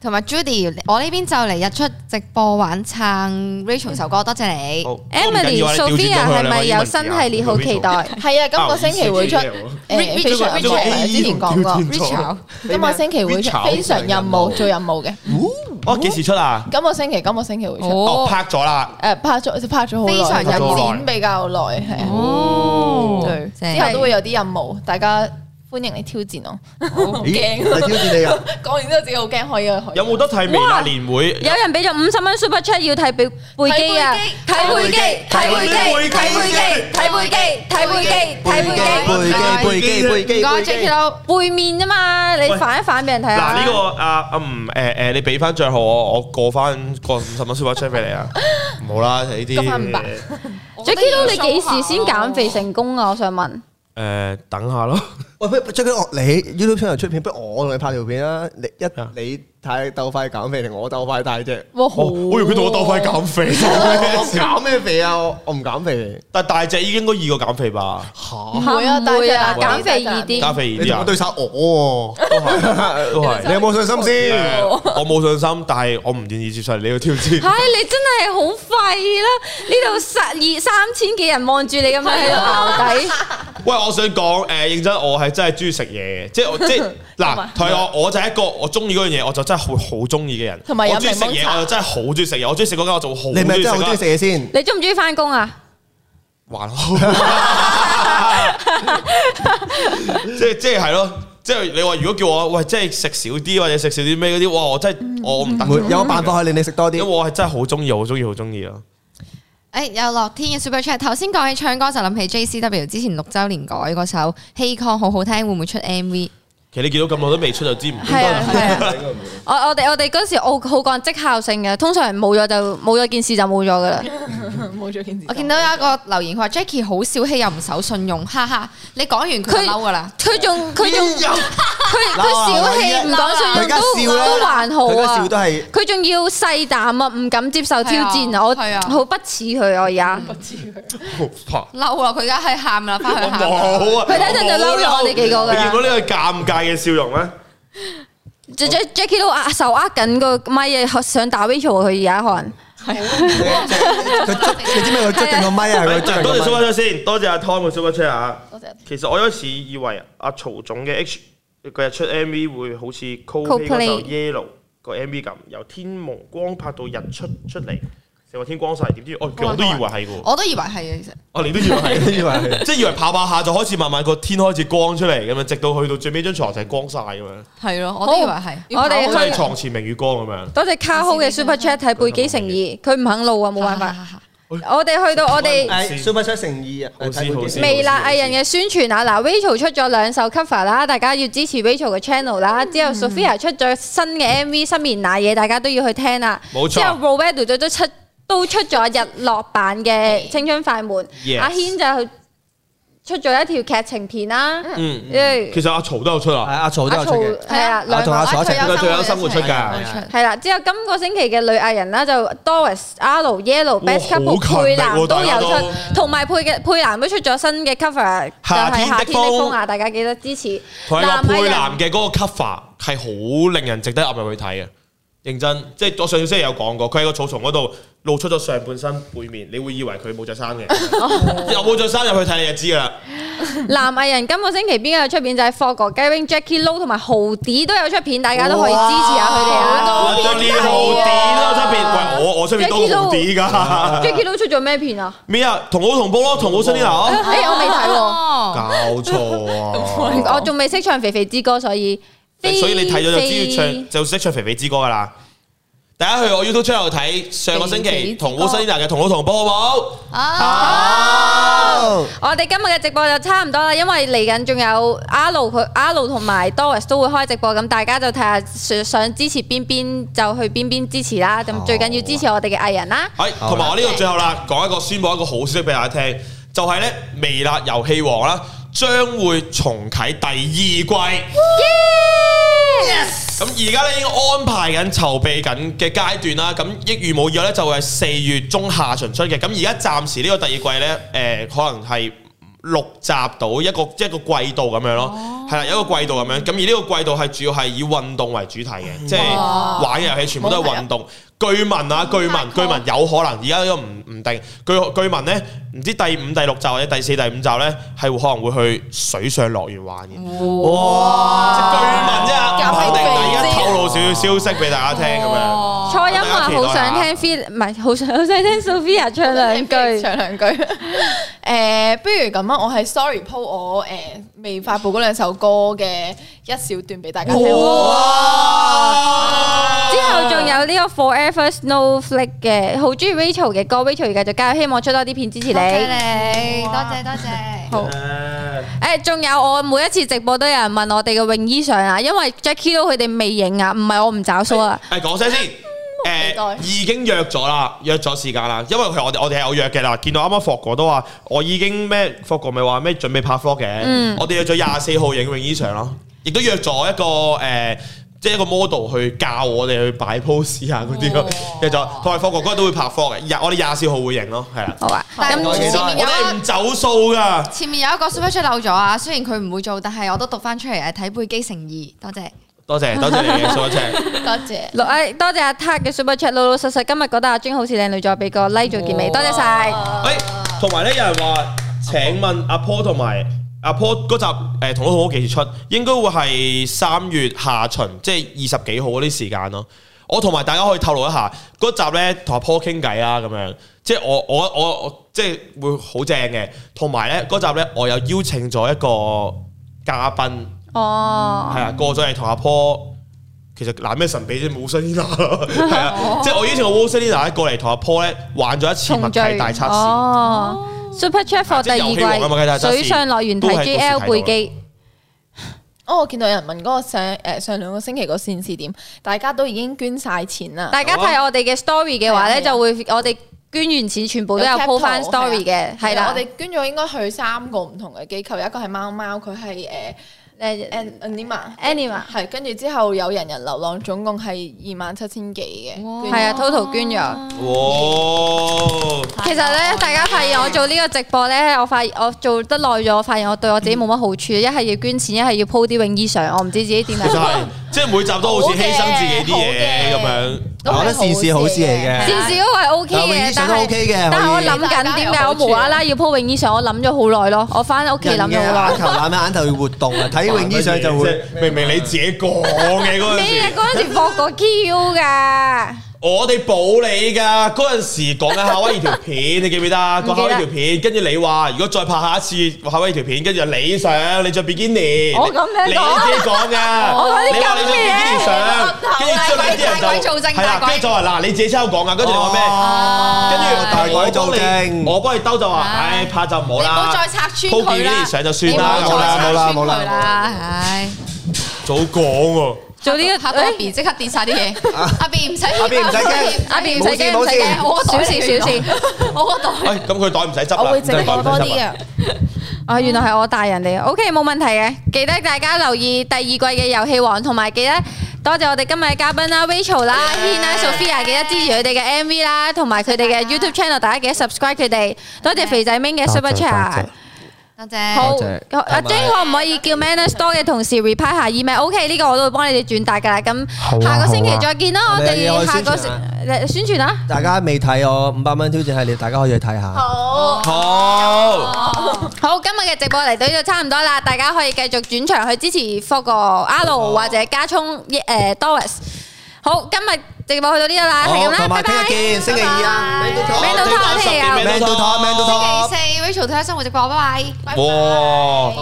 同埋 Judy，我呢邊就嚟日出直播玩撐 Rachel 首歌，多謝你。Emily，Sophia 係咪有新系列好期待？係啊，今個星期會出誒，非常之前講過，今個星期會出非常任務做任務嘅。我幾時出啊？今個星期，今個星期會出。哦，拍咗啦，誒，拍咗拍咗好耐，非常任比較耐係哦，對，之後都會有啲任務，大家。歡迎你挑戰我，好驚！挑戰你啊！講完之後自己好驚，可以去。有冇得睇美啊？年會？有人俾咗五十蚊 Super c 說不出要睇背背肌啊！睇背肌！睇背肌！睇背肌！睇背肌！睇背肌！睇背肌！背肌！背肌！背機。我 j a k y 哥，背面啫嘛，你反一反俾人睇下。嗱呢個啊，阿唔誒誒，你俾翻賬號我，我過翻過五十蚊 Super c 說不出俾你啊！好啦呢啲咁分唔白。Jacky 你幾時先減肥成功啊？我想問。誒，等下咯。喂，不如將啲你 YouTube 出出片，不如我同你拍條片啊！你一你睇鬥快減肥定我鬥快大隻？啊、哦，我以為佢同我鬥快減肥，減咩肥啊？我唔減，減肥，但大隻應該易過減肥吧？吓？係啊！大隻、大隻、大隻、嗯、減肥易啲，大隻、啊、你冇對手我，都係你有冇信心先？ 我冇信心，但係我唔願意接受你要挑戰。唉、 哎，你真係好廢啦！呢度十二三千幾人望住你咁樣喺度鬧底。喂、 欸，我想講誒，認真我係。真係中意食嘢，即係我即係嗱，同我我就係一個我中意嗰樣嘢，我就真係好好中意嘅人。同埋我中意食嘢，我就真係好中意食嘢。我中意食嗰間，我做好你咪好中意食。中意食嘢先。你中唔中意翻工啊？還好。即係即係係咯，即係你話如果叫我喂，即係食少啲或者食少啲咩嗰啲，哇！我真係我唔得。有冇辦法可以令你食多啲？因為我係真係好中意，好中意，好中意啊！誒、哎，有樂天嘅 Super Chat，頭先講起唱歌就諗起 JCW 之前六周年改嗰首《Hey Con》，好好聽，會唔會出 MV？其實你見到咁耐都未出就知唔掂。我我哋我哋嗰時我好講即效性嘅，通常冇咗就冇咗，件事就冇咗㗎啦。冇咗件事。我見到有一個留言，佢話 Jacky 好小氣又唔守信用，哈哈！你講完佢嬲㗎啦，佢仲佢仲佢佢小氣唔講信用都都還好啊。佢笑都係，佢仲要細膽啊，唔敢接受挑戰啊！我好不似佢，我而家嬲啦，佢而家係喊啦，翻去喊。佢等陣就嬲咗我哋幾個㗎。你見唔見到呢個尷尬？嘅笑容咩？Jackie 都握手握緊個麥，想打 video 佢而家看。佢做知咩？佢捉定個咪？啊！多謝 s h o 先，多謝阿 Tom show 出啊！其實我一開以為阿、啊、曹總嘅 H 個日出 MV 會好似 CoPlay 嗰個 MV 咁，由天蒙光拍到日出出嚟。個天光晒，點知哦？我都以為係嘅，我都以為係啊。其實哦，你都以為係，都以為係，即係以為跑跑下就開始慢慢個天開始光出嚟，咁樣直到去到最尾張床就係光晒咁樣。係咯，我都以為係。我哋去，我哋床前明月光咁樣。多謝卡好嘅 Super Chat 睇，背景誠意，佢唔肯露啊，冇辦法。我哋去到我哋 Super Chat 誠意啊，好先好先。微辣藝人嘅宣傳啊，嗱，Rachel 出咗兩首 cover 啦，大家要支持 Rachel 嘅 channel 啦。之後 Sofia 出咗新嘅 MV《失眠那夜》，大家都要去聽啦。冇錯。之後 Roberto 再都出。都出咗日落版嘅青春快門，阿軒就出咗一條劇情片啦。嗯，其實阿曹都有出啊，阿曹都有出嘅，係啊，同阿曹一齊，應該仲有生活出噶。係啦，之後今個星期嘅女藝人啦，就 Doris、Alo Yellow、Best Couple、佩蘭都有出，同埋配嘅佩蘭都出咗新嘅 cover，就係夏天的風啊，大家記得支持。佩蘭佩蘭嘅嗰個 cover 係好令人值得入入去睇嘅。認真，即係我上次星期有講過，佢喺個草叢嗰度露出咗上半身背面，你會以為佢冇着衫嘅，又冇着衫入去睇你就知㗎啦。男藝人今個星期邊個有出片？就係霍哥、嘉 Ring、Jacky Lou 同埋豪迪都有出片，大家都可以支持下佢哋。啊！豪迪都有出片，喂，我我出片都豪迪㗎。Jacky Lou 出咗咩片啊？咩啊？《同好同波》咯，《同好春天》我未睇喎。搞錯啊！我仲未識唱《肥肥之歌》，所以。所以你睇咗就知要唱，就識唱肥肥之歌噶啦。大家去我 YouTube channel 睇上個星期同烏莎娜嘅《同好同波》好唔好？好。我哋今日嘅直播就差唔多啦，因為嚟緊仲有阿盧佢、阿盧同埋 Doris 都會開直播，咁大家就睇下想支持邊邊就去邊邊支持啦。咁最緊要支持我哋嘅藝人啦。係，同埋我呢度最後啦，講一個宣布一個好消息俾大家聽，就係咧微辣遊戲王啦。將會重啟第二季 Yeah !，yes，咁而家咧已經安排緊籌備緊嘅階段啦，咁亦如冇以後咧就會係四月中下旬出嘅。咁而家暫時呢個第二季咧，誒、呃、可能係六集到一個一個季度咁樣咯，係啦，一個季度咁樣。咁而呢個季度係主要係以運動為主題嘅，即係、oh. 玩嘅遊戲全部都係運動。Oh. 據聞啊，據聞，據聞有可能，而家都唔唔定。據據聞咧，唔知第五、第六集或者第四、第五集咧，係可能會去水上樂園玩嘅。哇！據聞啫，一定而家透露少少消息俾大家聽咁樣。初音啊，好想聽菲唔係，好想好想聽 Sophia 唱兩句，唱兩句。誒，不如咁啊，我係 sorry po 我誒未發布嗰兩首歌嘅一小段俾大家聽。哇！之後仲有呢個 Forever Snowflake 嘅，好中意 Rachel 嘅歌，Rachel 而家就加入，希望出多啲片支持你。多謝多謝。好。誒，仲有我每一次直播都有人問我哋嘅泳衣相啊，因為 Jackie 都佢哋未影啊，唔係我唔找數啊。誒，講聲先。誒，已經約咗啦，約咗時間啦，因為我哋我哋係有約嘅啦。見到啱啱霍哥都話，我已經咩霍哥咪話咩準備拍拖嘅，我哋約咗廿四號影泳衣相咯，亦都約咗一個誒。即係個 model 去教我哋去擺 pose 啊嗰啲咯，哇跟住就泰科哥哥都會拍科嘅，廿我哋廿四號會贏咯，係啦。好啊，但係前，前面有一唔走數㗎。前面有一個 super chat 漏咗啊，雖然佢唔會做，但係我都讀翻出嚟誒，睇背機成意，多謝，多謝你，多謝，多謝，多謝。六 A，多謝阿 Tak 嘅 super chat，老老實實。今日覺得阿晶好似靚女，再俾個 like 做結尾，多謝晒！誒哇，同埋咧，有人話請問阿 Po 同埋。阿坡嗰集誒、呃、同我好幾時出，應該會係三月下旬，即係二十幾號嗰啲時間咯。我同埋大家可以透露一下嗰集咧同阿坡傾偈啊，咁樣即係我我我即係會好正嘅。同埋咧嗰集咧，我又邀請咗一個嘉賓，係、哦、啊，過咗嚟同阿坡。其實嗱咩神秘啫，冇聲係啊， 啊 即係我邀請個 w o l c e n i 過嚟同阿坡咧玩咗一次物體大測試。哦哦 Super Check For 第二季水上樂園睇 G.L. 貝基，哦，我見到有人問嗰個上誒，上兩個星期個善事點，大家都已經捐晒錢啦。大家睇我哋嘅 story 嘅話咧，就會我哋捐完錢全部都有 po 返 story 嘅，係啦。我哋捐咗應該去三個唔同嘅機構，一個係貓貓，佢係誒。誒誒 Anima，Anima，跟住之後有人人流浪，總共係二萬七千幾嘅，係啊 total 捐咗。哇！其實咧，大家發現我做呢個直播咧，我發現我做得耐咗，我發現我對我自己冇乜好處，一係要捐錢，一係要鋪啲泳衣上。我唔知自己點解，就係即係每集都好似犧牲自己啲嘢咁樣。我覺得事事好事嚟嘅，的事事都係 O K 嘅，但係、OK、是以我諗緊點解我無啦啦要 po 泳衣上？衣上我諗咗好耐咯，我翻屋企諗咗好耐。眼頭眼眼頭要活動啊，睇泳衣上就會。明明你自己講嘅嗰時，你係嗰陣時放個 Q 噶。 我哋保你噶，嗰陣時講緊夏威夷條片，你記唔記得？個夏威夷條片，跟住你話如果再拍下一次夏威夷條片，跟住你上，你著比基尼，我咁樣講嘅。你你我啲舊嘢。跟住之後咧啲人就係啦，跟住嗱，你自己親口講啊，跟住、哦、我咩？跟住大改造，我幫你兜就話，唉、哎，拍就唔好啦，你再拆穿佢啦，敷啲啲相就算啦，冇啦冇啦冇啦，唉，早講喎。做呢嘅拍阿 B，即刻跌晒啲嘢。阿 B 唔使驚，阿 B 唔使驚，阿 B 唔使驚。冇驚冇驚，少事少事，我個袋。咁佢袋唔使執，我會整多啲嘅。哦，原來係我大人嚟。O K，冇問題嘅。記得大家留意第二季嘅遊戲王，同埋記得多謝我哋今日嘅嘉賓啦，Rachel 啦阿軒 Sofia，記得支持佢哋嘅 M V 啦，同埋佢哋嘅 YouTube channel，大家記得 subscribe 佢哋。多謝肥仔明嘅 super chat。多謝，好阿晶，可唔可以叫 Manner Store 嘅同事 reply 下 email？OK，呢個我都會幫你哋轉達噶啦。咁下個星期再見啦，我哋下個星期宣傳啊！大家未睇我五百蚊挑戰系列，大家可以去睇下。好，好，好，好，今日嘅直播嚟到就差唔多啦，大家可以繼續轉場去支持 Forge、Alu 或者加充誒 Doris。好，今日。直播去到呢日呢度啦，係咁啦，拜拜。星期二啊，Mandy Talk，Mandy Talk，星期四，Rachel 睇下生活直播，拜拜。哇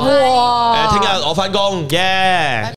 哇，誒，聽日我返工耶！